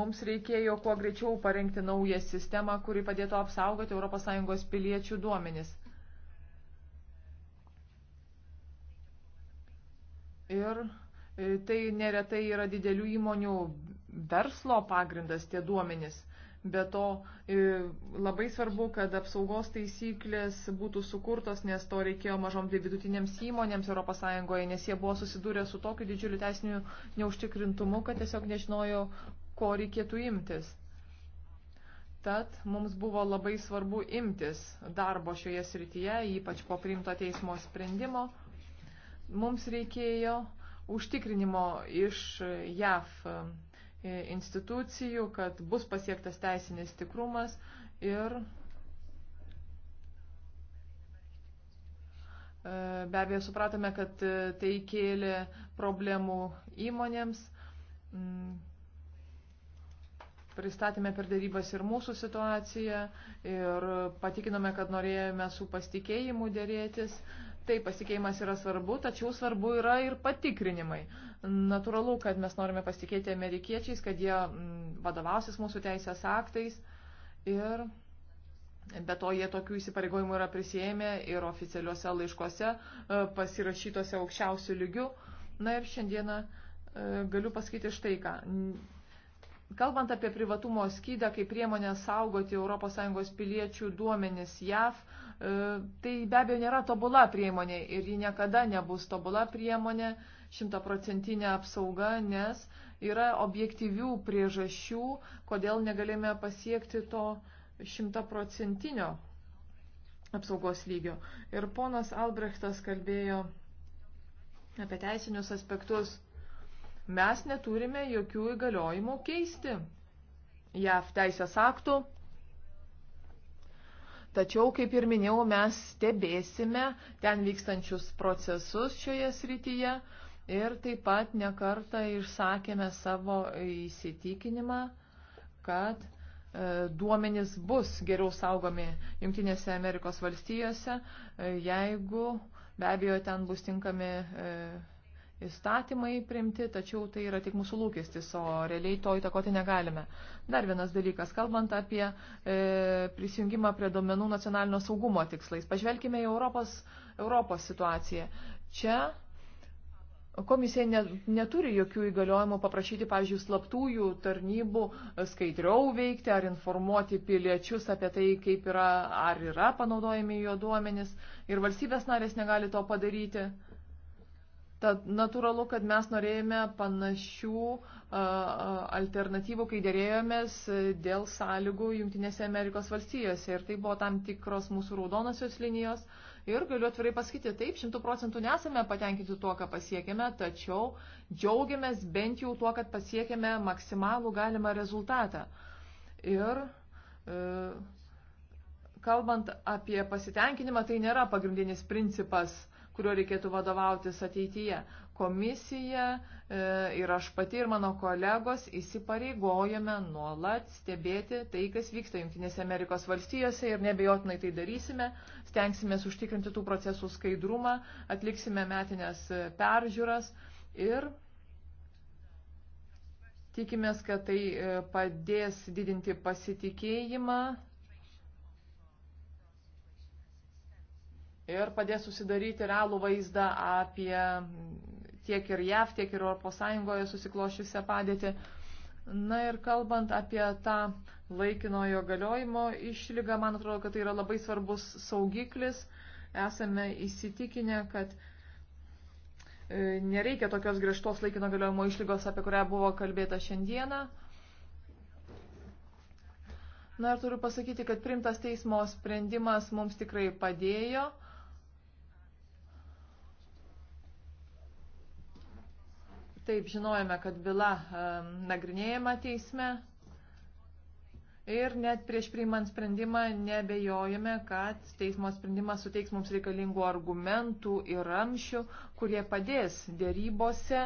mums reikėjo kuo greičiau parengti naują sistemą, kuri padėtų apsaugoti ES piliečių duomenys. Ir e, tai neretai yra didelių įmonių verslo pagrindas tie duomenys. Be to e, labai svarbu, kad apsaugos taisyklės būtų sukurtos, nes to reikėjo mažoms bei vidutinėms įmonėms ES, nes jie buvo susidūrę su tokiu didžiuliu teisiniu neužtikrintumu, kad tiesiog nežinojo, ko reikėtų imtis. Tad mums buvo labai svarbu imtis darbo šioje srityje, ypač po priimto teismo sprendimo. Mums reikėjo užtikrinimo iš JAV e, institucijų, kad bus pasiektas teisinis tikrumas ir e, Be abejo, supratome, kad e, tai kėlė problemų įmonėms. Mm. Pristatėme per darybas ir mūsų situaciją ir patikinome, kad norėjome su pasitikėjimu dėrėtis. Taip, pasikeimas yra svarbu, tačiau svarbu yra ir patikrinimai. Naturalu, kad mes norime pasikeiti amerikiečiais, kad jie mm, vadovausis mūsų teisės aktais ir be to jie tokių įsipareigojimų yra prisėmę ir oficialiuose laiškuose e, pasirašytose aukščiausių lygių. Na ir šiandieną e, galiu pasakyti štai ką. Kalbant apie privatumo skydą kaip priemonę saugoti ES piliečių duomenis JAV, e, tai be abejo nėra tobula priemonė ir ji niekada nebus tobula priemonė, šimtaprocentinė apsauga, nes yra objektyvių priežasčių, kodėl negalime pasiekti to šimtaprocentinio apsaugos lygio. Ir ponas Albrechtas kalbėjo apie teisinius aspektus mes neturime jokių įgaliojimų keisti JAV teisės aktų. Tačiau, kaip ir minėjau, mes stebėsime ten vykstančius procesus šioje srityje ir taip pat nekartą išsakėme savo įsitikinimą, kad e, duomenys bus geriau saugomi Junktinėse Amerikos valstijose, e, jeigu be abejo ten bus tinkami e, įstatymai primti, tačiau tai yra tik mūsų lūkestis, o realiai to įtakoti negalime. Dar vienas dalykas, kalbant apie e, prisijungimą prie domenų nacionalinio saugumo tikslais, pažvelkime į Europos, Europos situaciją. Čia Komisija ne, neturi jokių įgaliojimų paprašyti, pavyzdžiui, slaptųjų tarnybų skaidriau veikti ar informuoti piliečius apie tai, kaip yra, ar yra panaudojami jo duomenys ir valstybės narės negali to padaryti. Tad natūralu, kad mes norėjome panašių alternatyvų, kai dėrėjomės e, dėl sąlygų Junktinėse Amerikos valstijose. Ir tai buvo tam tikros mūsų raudonosios linijos. Ir galiu atvirai pasakyti, taip, šimtų procentų nesame patenkinti tuo, ką pasiekėme, tačiau džiaugiamės bent jau tuo, kad pasiekėme maksimalų galimą rezultatą. Ir e, kalbant apie pasitenkinimą, tai nėra pagrindinis principas kuriuo reikėtų vadovautis ateityje. Komisija e, ir aš pati ir mano kolegos įsipareigojame nuolat stebėti tai, kas vyksta Junktinėse Amerikos valstijose ir nebejotinai tai darysime. Stengsime užtikrinti tų procesų skaidrumą, atliksime metinės e, peržiūras ir tikimės, kad tai e, padės didinti pasitikėjimą ir padės susidaryti realų vaizdą apie tiek ir JAV, tiek ir ES susiklošiusią padėtį. Na ir kalbant apie tą laikinojo galiojimo išlygą, man atrodo, kad tai yra labai svarbus saugiklis. Esame įsitikinę, kad e, nereikia tokios griežtos laikino galiojimo išlygos, apie kurią buvo kalbėta šiandieną. Na ir turiu pasakyti, kad primtas teismo sprendimas mums tikrai padėjo. Taip, žinojame, kad byla nagrinėjama teisme ir net prieš priimant sprendimą nebejojame, kad teismo sprendimas suteiks mums reikalingų argumentų ir ramšių, kurie padės dėrybose,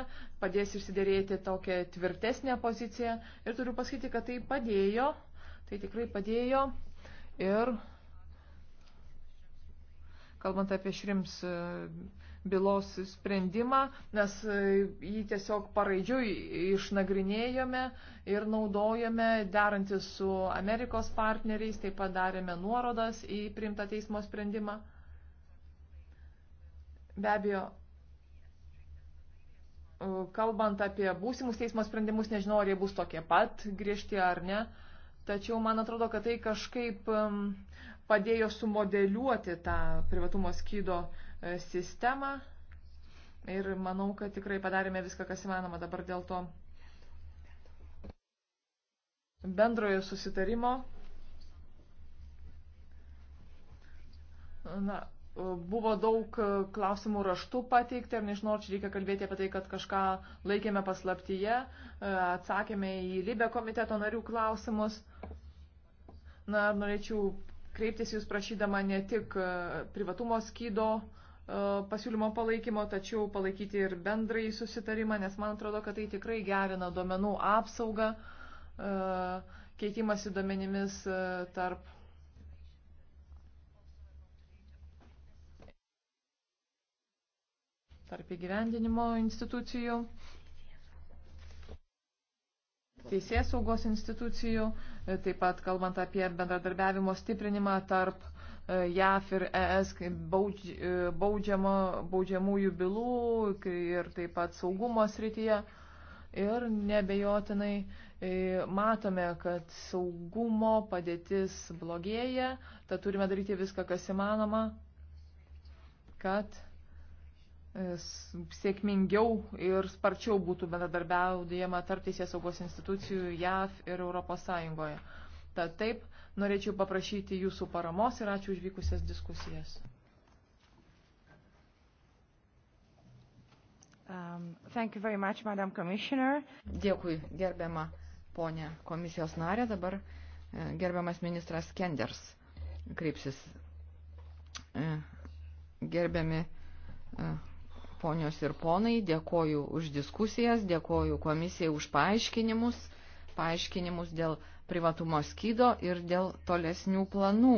padės išsiderėti tokią tvirtesnę poziciją. Ir turiu pasakyti, kad tai padėjo, tai tikrai padėjo. Ir kalbant apie šrims. Uh, bylos sprendimą, nes e, jį tiesiog paraidžiui išnagrinėjome ir naudojame derantis su Amerikos partneriais, taip pat darėme nuorodas į primtą teismo sprendimą. Be abejo, e, kalbant apie būsimus teismo sprendimus, nežinau, ar jie bus tokie pat griežti ar ne, tačiau man atrodo, kad tai kažkaip padėjo sumodeliuoti tą privatumo skydo E, sistemą ir manau, kad tikrai padarėme viską, kas įmanoma dabar dėl to bendrojo susitarimo. Na, buvo daug klausimų raštų pateikti, ar nežinau, čia reikia kalbėti apie tai, kad kažką laikėme paslaptyje, e, atsakėme į Libę komiteto narių klausimus. Na, norėčiau kreiptis jūs prašydama ne tik e, privatumo skydo E, pasiūlymo palaikymo, tačiau palaikyti ir bendrai susitarimą, nes man atrodo, kad tai tikrai gerina duomenų apsaugą, e, keitimasi duomenimis e, tarp. tarp įgyvendinimo institucijų, teisės saugos institucijų, taip pat kalbant apie bendradarbiavimo stiprinimą tarp uh, E, JAF ir ES e, baudžiamo, baudžiamųjų bylų ir taip pat saugumo srityje. Ir nebejotinai e, matome, kad saugumo padėtis blogėja, tad turime daryti viską, kas įmanoma, kad sėkmingiau ir sparčiau būtų bendradarbiaudėjama tarp teisės saugos institucijų JAV ir ES. Tad taip, Norėčiau paprašyti jūsų paramos ir ačiū užvykusias diskusijas. Um, thank you very much, Madam Commissioner. Dėkui, gerbiama ponė komisijos narė. Dabar e, gerbiamas ministras Kenders kreipsis. E, gerbiami e, ponios ir ponai, dėkoju už diskusijas, dėkoju komisijai už paaiškinimus, paaiškinimus dėl privatumo skydo ir dėl tolesnių planų.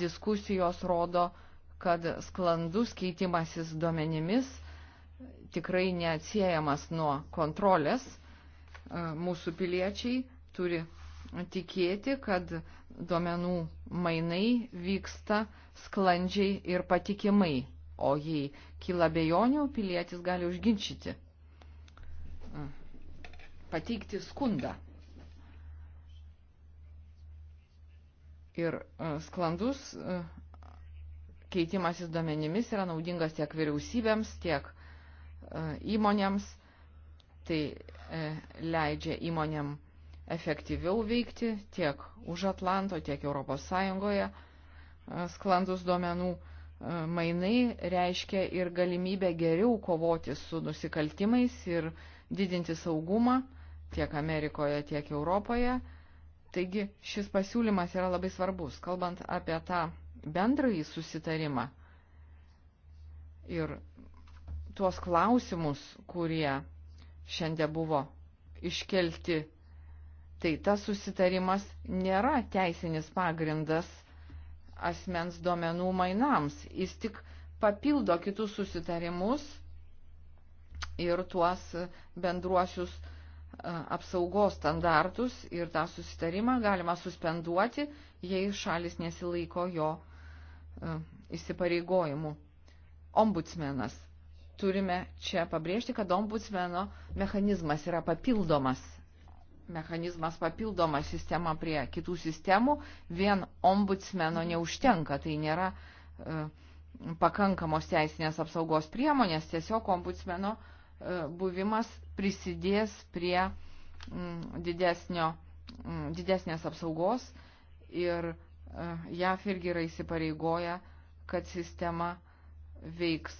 Diskusijos rodo, kad sklandus keitimasis duomenimis tikrai neatsiejamas nuo kontrolės. E, mūsų piliečiai turi tikėti, kad duomenų mainai vyksta sklandžiai ir patikimai, o jei kyla bejonių, pilietis gali užginčyti, e, pateikti skundą. ir e, sklandus e, keitimasis duomenimis yra naudingas tiek vyriausybėms, tiek e, įmonėms. Tai leidžia įmonėm efektyviau veikti tiek už Atlanto, tiek Europos Sąjungoje. Sklandus duomenų mainai reiškia ir galimybę geriau kovoti su nusikaltimais ir didinti saugumą tiek Amerikoje, tiek Europoje Taigi šis pasiūlymas yra labai svarbus, kalbant apie tą bendrąjį susitarimą ir tuos klausimus, kurie šiandien buvo iškelti, tai tas susitarimas nėra teisinis pagrindas asmens duomenų mainams. Jis tik papildo kitus susitarimus ir tuos bendruosius apsaugos standartus ir tą susitarimą galima suspenduoti, jei šalis nesilaiko jo įsipareigojimų. Ombudsmenas. Turime čia pabrėžti, kad ombudsmeno mechanizmas yra papildomas. Mechanizmas papildoma sistema prie kitų sistemų. Vien ombudsmeno neužtenka. Tai nėra e, pakankamos teisinės apsaugos priemonės. Tiesiog ombudsmeno e, E, buvimas prisidės prie mm, didesnio, mm, didesnės apsaugos ir e, JAF irgi yra įsipareigoja, kad sistema veiks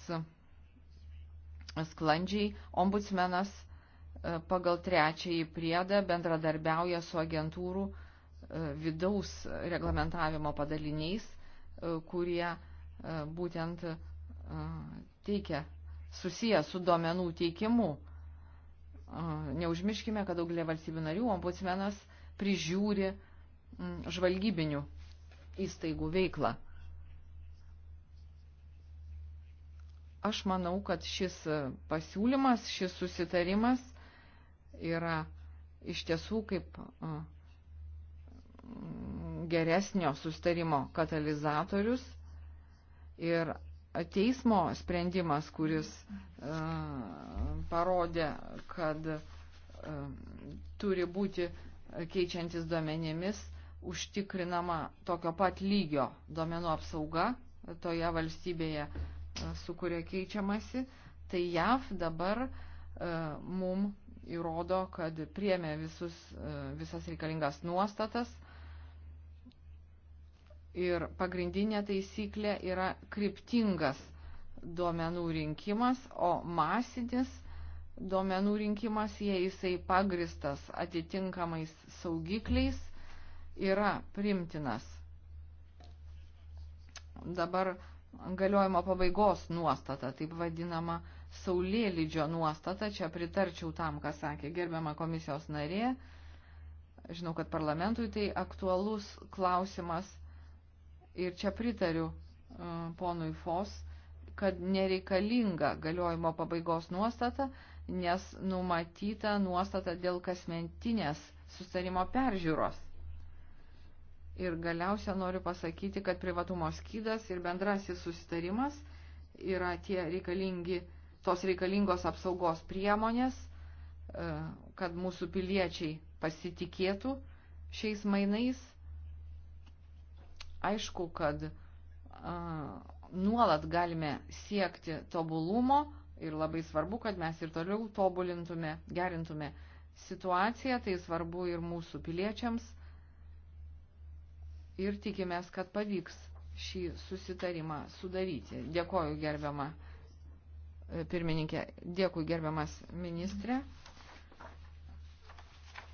sklandžiai. Ombudsmenas e, pagal trečiąjį priedą bendradarbiauja su agentūrų vidaus reglamentavimo padaliniais, kurie būtent teikia susijęs su duomenų teikimu. Neužmirškime, kad daugelė valstybių narių ombudsmenas prižiūri žvalgybinių įstaigų veiklą. Aš manau, kad šis pasiūlymas, šis susitarimas yra iš tiesų kaip geresnio sustarimo katalizatorius ir teismo sprendimas, kuris e, parodė, kad e, turi būti keičiantis duomenimis užtikrinama tokio pat lygio duomenų apsauga toje valstybėje, e, su kuria keičiamasi, tai JAV dabar mum įrodo, kad priemė visus, visas reikalingas nuostatas Ir pagrindinė taisyklė yra kryptingas duomenų rinkimas, o masinis duomenų rinkimas, jei jisai pagristas atitinkamais saugikliais, yra primtinas. Dabar galiojimo pabaigos nuostata, taip vadinama saulėlydžio nuostata, čia pritarčiau tam, ką sakė gerbiama komisijos narė. Žinau, kad parlamentui tai aktualus klausimas ir čia pritariu e, ponui Fos, kad nereikalinga galiojimo pabaigos nuostata, nes numatyta nuostata dėl kasmentinės sustarimo peržiūros. Ir galiausia noriu pasakyti, kad privatumo skydas ir bendrasis sustarimas yra tie reikalingi, tos reikalingos apsaugos priemonės, e, kad mūsų piliečiai pasitikėtų šiais mainais aišku, kad nuolat galime siekti tobulumo ir labai svarbu, kad mes ir toliau tobulintume, gerintume situaciją, tai svarbu ir mūsų piliečiams ir tikimės, kad pavyks šį susitarimą sudaryti. Dėkoju gerbiamą e, pirmininkė, dėkui gerbiamas ministrė.